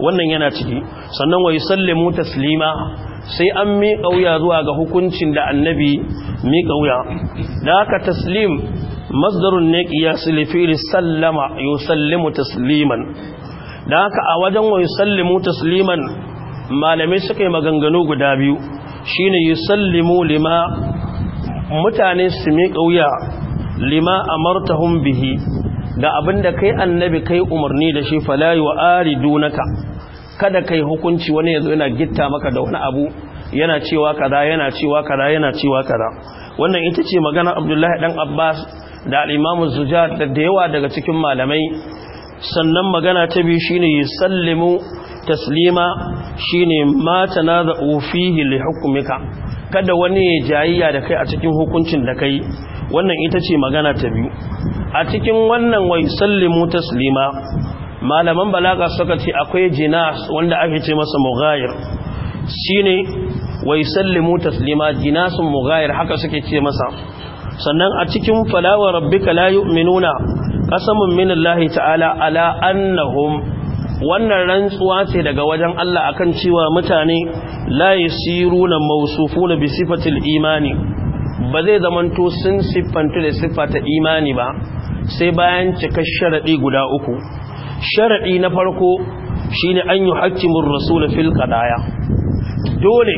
wannan yana ciki sannan wa yusallimu taslima sai an miƙa wuya zuwa ga hukuncin da annabi miƙa wuya da haka taslim masdarun ne qiyas li fi'li sallama yusallimu tasliman da haka a wajen wa yusallimu tasliman malamai suka yi maganganu guda biyu shine yusallimu lima mutane su miƙa wuya lima amartahum bihi da abinda kai annabi kai umarni da shi fala yu'aridunaka kada kai hukunci wani yazo yana gitta maka da wani abu yana cewa kaza yana cewa kaza yana cewa kaza wannan ita ce magana Abdullahi dan Abbas da al-Imam Zujat da yawa daga cikin malamai sannan magana ta biyu shine yusallimu taslima shine ma tanaza'u fihi li hukmika kada wani ya jayayya da kai a cikin hukuncin da kai wannan ita ce magana ta biyu a cikin wannan wai sallimu taslima malaman balaga suka ce akwai jinas wanda ake ce masa mughayir shine wai sallimu taslima jinasun mughayir haka suke ce masa sannan a cikin falawa rabbika la yu'minuna qasamun minallahi ta'ala ala annahum wannan rantsuwa ce daga wajen Allah akan cewa mutane la na mausufu na sifatil imani ba zai zamanto sun siffanta da siffata imani ba sai bayan cika sharaɗi guda uku Sharaɗi na farko shine an yuhakkimur rasul fil qadaya dole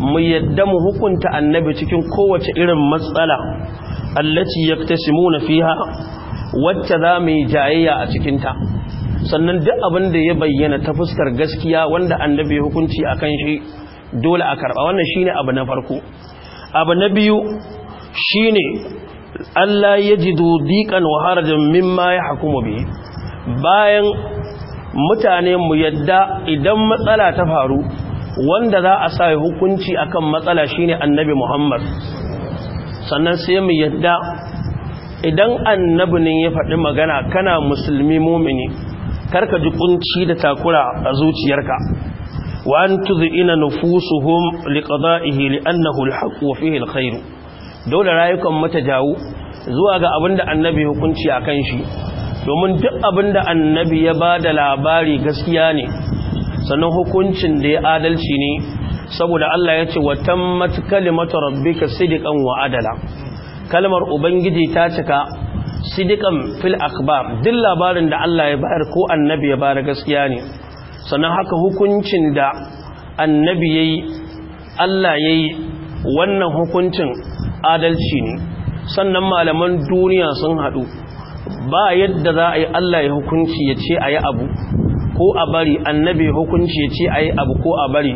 mu yadda mu hukunta annabi cikin kowace irin matsala allati yaktasimuna fiha wacce za mu yi jayayya a cikinta sannan duk abin da ya bayyana ta fuskar gaskiya wanda annabi hukunci a kan shi dole a karɓa wannan shi ne abu na farko abu na biyu shi ne allah ya ji wa waharajen mimma ya hakumu biyu bayan mutane mu yadda idan matsala ta faru wanda za a sa hukunci akan matsala shine annabi Muhammad sannan sai mu yadda idan annabi ya faɗi magana kana musulmi mumini karka ji kunci da takura a zuciyarka wa an ina nufusuhum liqada'ihi li'annahu alhaq wa fihi alkhair dole rayukan matajawu zuwa ga abinda annabi hukunci akan shi domin duk abinda annabi ya bada labari gaskiya ne sannan hukuncin da ya adalci ne saboda Allah ya ce wa tammat kalimatu rabbika sidqan wa adala kalmar ubangiji ta cika sidikan fil akhbar duk labarin da Allah ya bayar ko annabi ya bayar gaskiya ne sannan haka hukuncin da annabi yayi Allah yayi wannan hukuncin adalci ne sannan malaman duniya sun haɗu ba yadda za a yi Allah ya hukunci ya ce a yi abu ko a bari annabi hukunci ya ce a yi abu ko a bari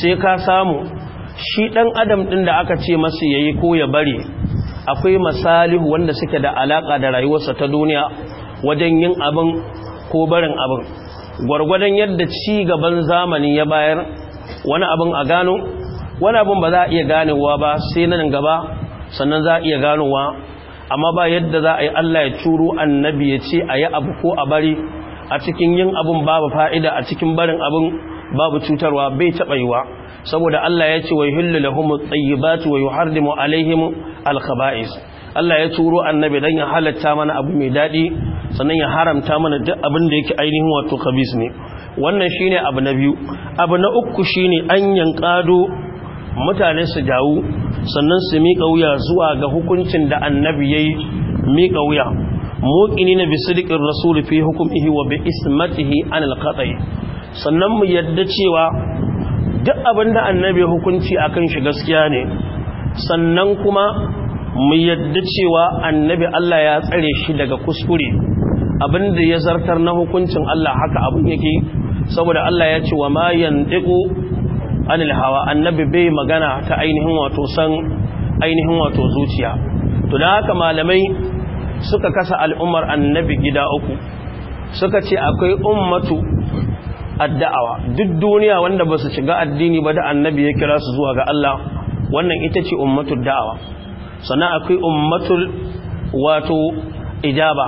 sai ka samu shi ɗan adam ɗin da aka ce masu ya yi ko ya bari akwai masalihu wanda suke da alaka da rayuwarsa ta duniya wajen yin abin ko barin abin gwargwadon yadda ci gaban zamani ya bayar wani abin a gano wani abin ba za a iya ganewa ba sai nan gaba sannan za a iya ganowa amma ba yadda za a yi Allah ya turo annabi ya ce a yi abu ko a bari a cikin yin abin babu fa'ida a cikin barin abin babu cutarwa bai taɓa yiwa saboda Allah ya ce wa yuhillu lahum at-tayyibati wa yuharrimu alaihim al-khaba'is Allah ya turo annabi dan ya halatta mana abu mai dadi sannan ya haramta mana duk abin da yake ainihin wato khabis ne wannan shine abu na biyu abu na uku shine an yankado mutane su jawu sannan su miƙa wuya zuwa ga hukuncin da annabi yayi mika wuya muqinina bi sidqir rasul fi hukmihi wa bi ismatihi an al sannan mu yadda cewa duk abin da annabi hukunci akan shi gaskiya ne sannan kuma mu yadda cewa annabi Allah ya tsare shi daga kuskure abin da ya zartar na hukuncin Allah haka abin yake saboda Allah ya ce wa ma yandiqu anil hawa annabi bai magana ta ainihin wato san ainihin wato zuciya to da haka malamai suka kasa al'ummar annabi gida uku suka ce akwai ummatu addawa duk duniya wanda ba su shiga addini ba da annabi ya kira su zuwa ga Allah wannan ita ce ummatul da'awa sannan akwai ummatul wato ijaba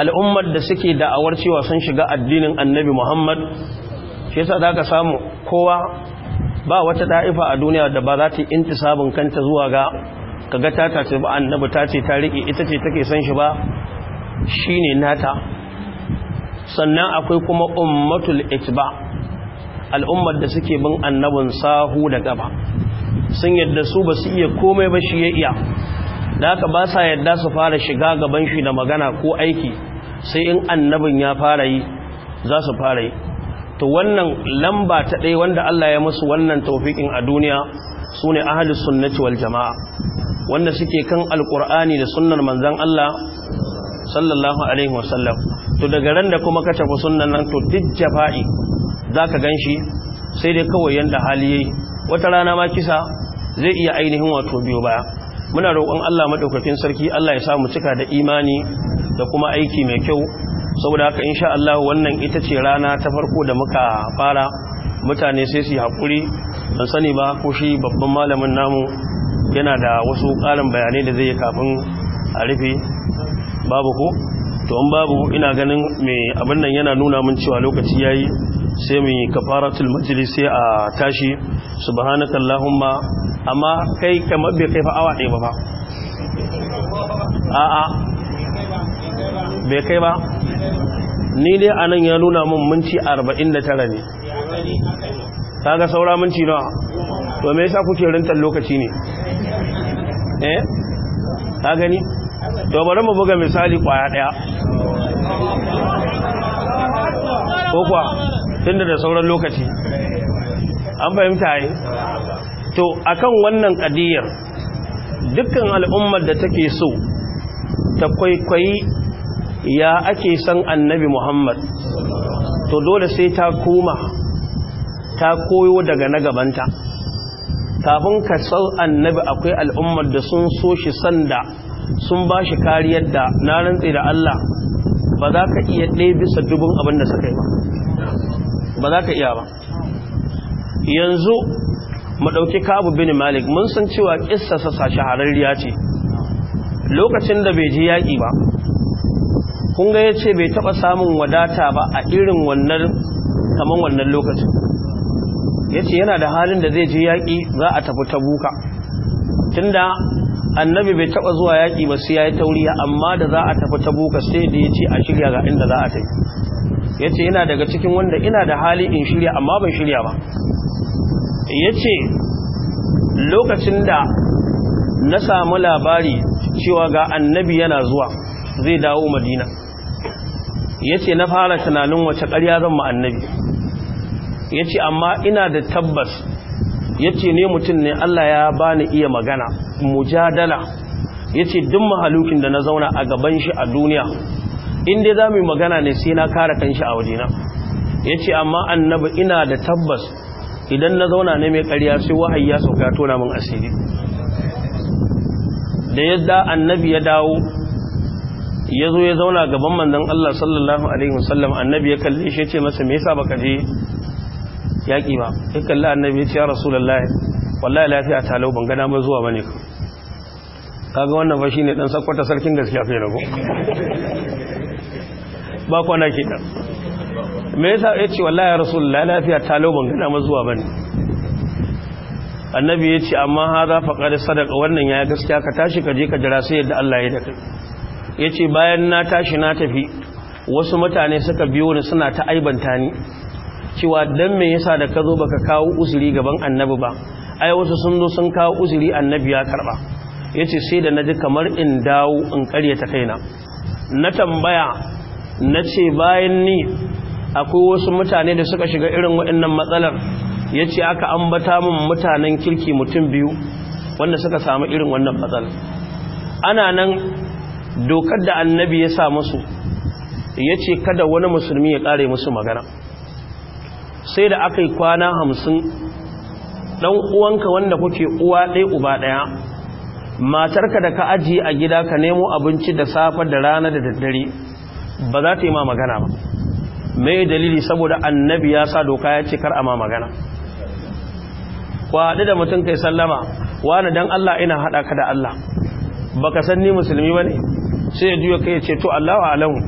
al'ummar da suke da'awar cewa sun shiga addinin annabi Muhammad shi yasa zaka samu kowa ba wata da'ifa a duniya da ba za ta intisabin kanta zuwa ga kaga ta tace ba annabi ta ce ta rike ita ce take son shi ba shine nata sannan akwai kuma ummatul itba al'ummar da suke bin annabin sahu da gaba sun yadda su ba su iya komai ba shi ya iya da aka ba sa yadda su fara shiga gaban shi da magana ko aiki sai in annabin ya fara yi za su fara yi to wannan lamba ta ɗaya wanda Allah ya musu wannan taufikin a duniya su ne ahalus sunnati wal jama'a wanda suke kan alƙur'ani da sunnar manzan Allah sallallahu alaihi wasallam to daga ran da kuma ka tafi sunnan nan to duk jafa'i zaka ganshi sai dai kawai yanda hali yayi wata rana ma kisa zai iya ainihin wato biyo baya muna roƙon Allah madaukakin sarki Allah ya sa mu cika da imani da kuma aiki mai kyau saboda haka insha Allah wannan ita ce rana ta farko da muka fara mutane sai su hakuri ban sani ba ko shi babban malamin namu yana da wasu ƙarin bayanai da zai yi kafin a rufe babu ko to an babu ina ganin mai abin nan yana nuna mun cewa lokaci yayi sai mu yi kafaratul majlis sai a tashi subhanaka allahumma amma kai kamar bai kai fa awa ɗaya ba fa a a bai kai ba ni dai anan ya nuna mun minti 49 ne kaga saura minti nawa to me yasa kuke rintar lokaci ne eh ka gani to bari mu buga misali kwaya daya ko kuwa tunda da sauran lokaci an fahimta yi to akan wannan kadiyar dukkan al'ummar da take so ta kwaikwayi ya ake san annabi muhammad to dole sai ta koma ta koyo daga na gabanta kafin ka san annabi akwai al'ummar da sun so shi sanda sun ba shi kariyar da na rantse da Allah ba za ka iya ɗaya bisa dubin abin da suka yi ba ba za ka iya ba yanzu maɗauki kabu bin malik mun san cewa ƙissa sa shahararriya ce lokacin da bai ji yaƙi ba kunga ya ce bai taɓa samun wadata ba a irin wannan kamar wannan lokacin ya ce yana da halin da zai ji yaƙi za a tafi ta buka tunda annabi bai taba zuwa yaki ba sai ya yi tauriya amma da za a tafi tabuka sai da yace a shirya ga inda za a tafi yace ina daga cikin wanda ina da hali in shirya amma ban shirya ba yace lokacin da na samu labari cewa ga annabi yana zuwa zai dawo madina yace na fara tunanin wace ƙarya zan ma annabi yace amma ina da tabbas yace ne mutum ne Allah ya bani iya magana mujadala yace duk mahalukin da na zauna a gaban shi a duniya in dai zamu magana ne sai na kare kanshi a wajena yace amma annabi ina da tabbas idan na zauna ne mai karya sai wahayi ya sauka tona min asiri da yadda annabi ya dawo ya zo ya zauna gaban manzon Allah sallallahu alaihi wasallam annabi ya kalle shi ya ce masa me yasa baka je yaƙi ba ya kalli annabi ya ce ya lallai wallahi lafiya ta lau ban gada mai zuwa bane kaga wannan ba ne ɗan sakwata sarkin gaskiya fa rago ba kwana ke ɗan me yasa ya ce wallahi ya lallai lafiya ta lau ban gada mai zuwa bane annabi ya ce amma haza faqad sadaka wannan ya gaskiya ka tashi ka je ka jira sai yadda Allah ya da kai ce bayan na tashi na tafi wasu mutane suka biyo ni suna ta aibanta ni cewa dan me yasa da ka zo baka kawo usuri gaban annabi ba ai wasu sun zo sun kawo usuri annabi ya karba yace sai da ji kamar in dawo in karyata kaina na tambaya nace bayan ni akwai wasu mutane da suka shiga irin waɗannan matsalar yace aka ambata min mutanen kirki mutum biyu wanda suka samu irin wannan matsalar ana nan dokar da annabi ya sa musu yace kada wani musulmi ya kare musu magana sai da aka yi kwana hamsin ɗan uwanka wanda kuke uwa ɗaya uba ɗaya matarka da ka ajiye a gida ka nemo abinci da safe da rana da daddare ba za ta yi ma magana ba mai dalili saboda annabi ya sa doka ya ce kar a ma magana kwaɗi da mutum kai sallama wani don Allah ina haɗa ka da Allah Ba ka san ni musulmi ba ne sai ya juya kai ya ce to Allah wa alamu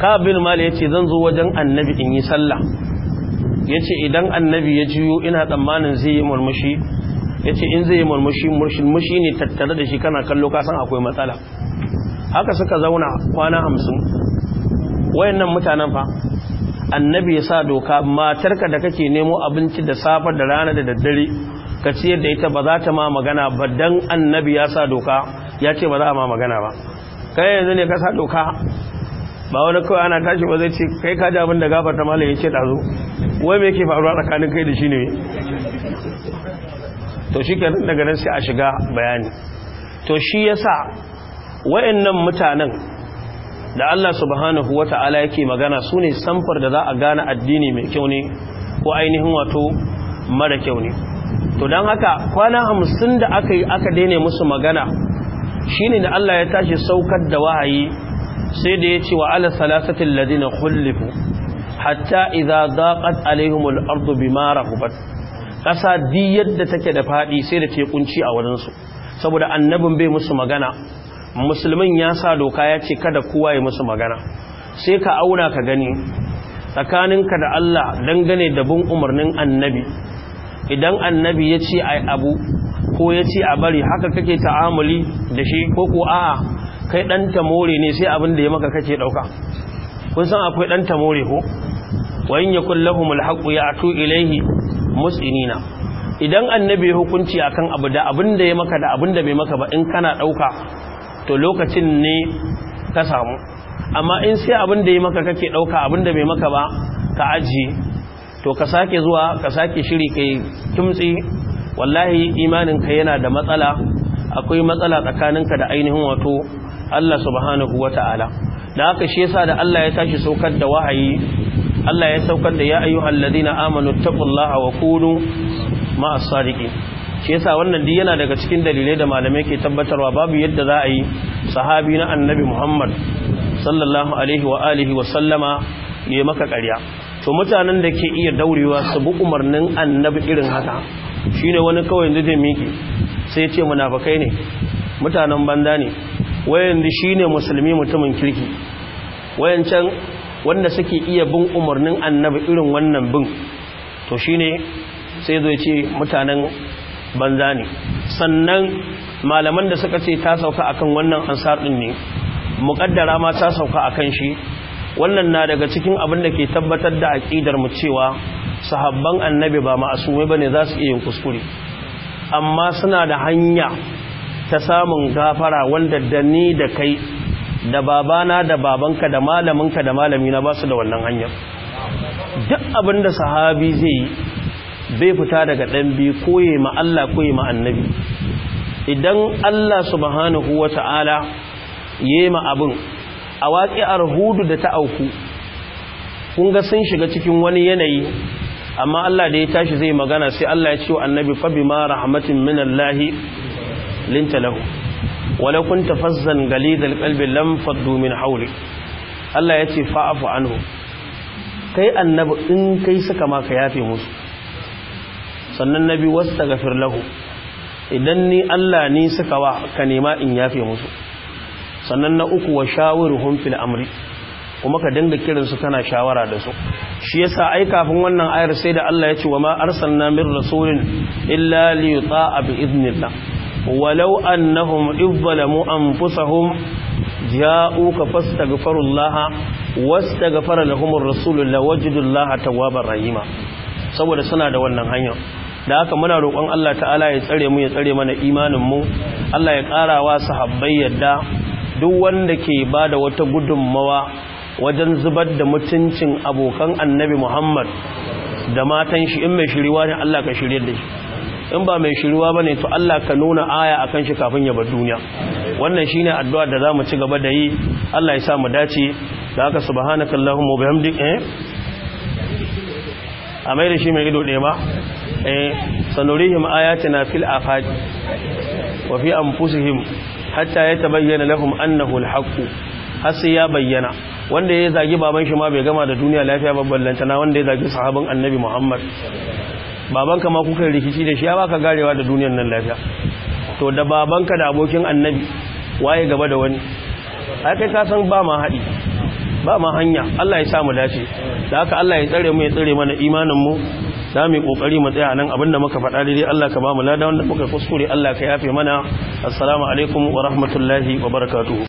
Kabil mali ya ce zan zo wajen annabi in yi sallah ya ce idan annabi ya jiyo ina tsammanin zai yi murmushi ya ce in zai yi murmushi murmushi ne tattare da shi kana kallo kasan akwai matsala haka suka zauna kwana hamsin wayannan mutanen fa annabi ya sa doka matarka da kake nemo abinci da safar da rana da daddare ka ciyar da ita ba za ta ma magana ba dan annabi ya sa doka ya ce ba za a ma magana ba kai yanzu ne ka sa doka ba wani kawai ana tashi ba zai ce kai ka ji abin da gafarta malam ya ce ɗazu wai me ke faruwa tsakanin kai da shi ne to shi ke daga nan sai a shiga bayani to shi ya yasa wayannan mutanen da Allah subhanahu wa ta'ala yake magana su ne samfar da za a gane addini mai kyau ne ko ainihin wato mara kyau ne to don haka kwana hamsin da aka yi aka daina musu magana Shi ne da Allah ya tashi saukar da wahayi sai da ya ce wa ala salasatin ladina khullifu hatta iza daqat alaihimul ardu mara Ƙasa ƙasa di yadda take da faɗi sai da ce kunci a wurin saboda annabin bai musu magana musulmin ya sa doka ya ce kada kowa ya musu magana sai ka auna ka gani tsakaninka da Allah dangane da bin umarnin annabi idan annabi ya ce ai abu ko ya ce a bari haka kake ta'amuli da shi ko ko a'a kai dan tamore ne sai abin da ya maka kake dauka kun san akwai dan tamore ko wa in yakul lahumul haqqu ya'tu ilayhi mus'inina idan annabi hukunci akan abu da abin da ya maka da abin da bai maka ba in kana dauka to lokacin ne ka samu amma in sai abin da ya maka kake ɗauka abin da bai maka ba ka ajiye to ka sake zuwa ka sake shiri kai kimtsi wallahi ka yana da matsala akwai matsala tsakaninka da ainihin wato Allah subhanahu wata'ala da haka shi yasa da Allah ya tashi saukar da wahayi Allah ya saukar da ya ayyuhal ladina amanu taqullaha wa kunu ma'as sadiqin shi yasa wannan duk yana daga cikin dalilai da malamai ke tabbatarwa babu yadda za a yi sahabi na annabi Muhammad sallallahu alaihi wa alihi wa sallama ne maka ƙarya to mutanen da ke iya daurewa su bi umarnin annabi irin haka shine wani kawai yanzu zai miki sai ya ce munafikai ne mutanen banda ne wayan da shi ne musulmi mutumin kirki wayancan wanda suke iya bin umarnin annabi irin wannan bin to shi ne sai zai ce mutanen banza ne sannan malaman da suka ce ta sauka akan wannan ansar din ne muƙaddara ma ta sauka akan shi wannan na daga cikin abin da ke tabbatar da aƙidar mu cewa sahabban annabi ba ma'asumai bane za su iya yin kuskure amma suna da hanya ta samun gafara wanda da ni da kai da babana da babanka da malaminka da malamina ba su da wannan hanyar duk abin da sahabi zai yi bai fita daga ɗan biyu koye ma Allah koye ma annabi idan Allah subhanahu wa ta'ala ya yi ma abin a waƙi'ar hudu da ta auku kun ga sun shiga cikin wani yanayi amma Allah da ya tashi zai magana sai Allah ya ce wa annabi fa bi ma rahmatin min Allah linta lahu walau kunta fazzan galidal qalbi lam faddu min hawli Allah yace fa'fu anhu kai annabi in kai suka maka yafe musu sannan nabi wastaghfir lahu idan ni Allah ni suka wa ka nema in yafe musu sannan na uku wa shawiruhum fil amri kuma ka dinga kiransu kana shawara da su shi yasa ai kafin wannan ayar sai da Allah ya ce wa ma arsalna min rasulin illa li yuta'a bi idnillah walau annahum izzalamu anfusahum ja'uka fastaghfirullaha wastaghfara lahumur rasulu lawajidullaha الله rahima saboda suna da wannan hanya da haka muna roƙon Allah ta'ala ya tsare mu ya tsare mana imanin mu Allah ya ƙara wa sahabbai yadda duk wanda ke bada wata gudunmawa wajen zubar da mutuncin abokan annabi Muhammad da matan shi in mai shiriwa ne Allah ka shirye da shi in ba mai shiruwa ba ne to Allah ka nuna aya akan shi kafin ya bar duniya wannan shine addu'a da zamu ci gaba da yi Allah ya sa mu dace da haka subhanakallahumma wa bihamdika eh a mai da shi mai ido ɗaya ba eh sanurihim ayatina fil afaq wa fi anfusihim hatta yatabayyana lahum annahu alhaq har sai ya bayyana wanda ya zagi baban shi ma bai gama da duniya lafiya babban lantana wanda ya zagi sahabin annabi muhammad babanka ma kuka rikici da shi ya baka garewa da duniyar nan lafiya to da babanka da abokin annabi waye gaba da wani ai kai ka san ba ma haɗi ba ma hanya Allah ya sa mu dace da haka Allah ya tsare mu ya tsare mana imanin mu za mu yi kokari mu tsaya nan abinda muka faɗa dai Allah ka ba mu lada wanda muka kuskure Allah ka yafe mana assalamu alaikum wa rahmatullahi wa barakatuh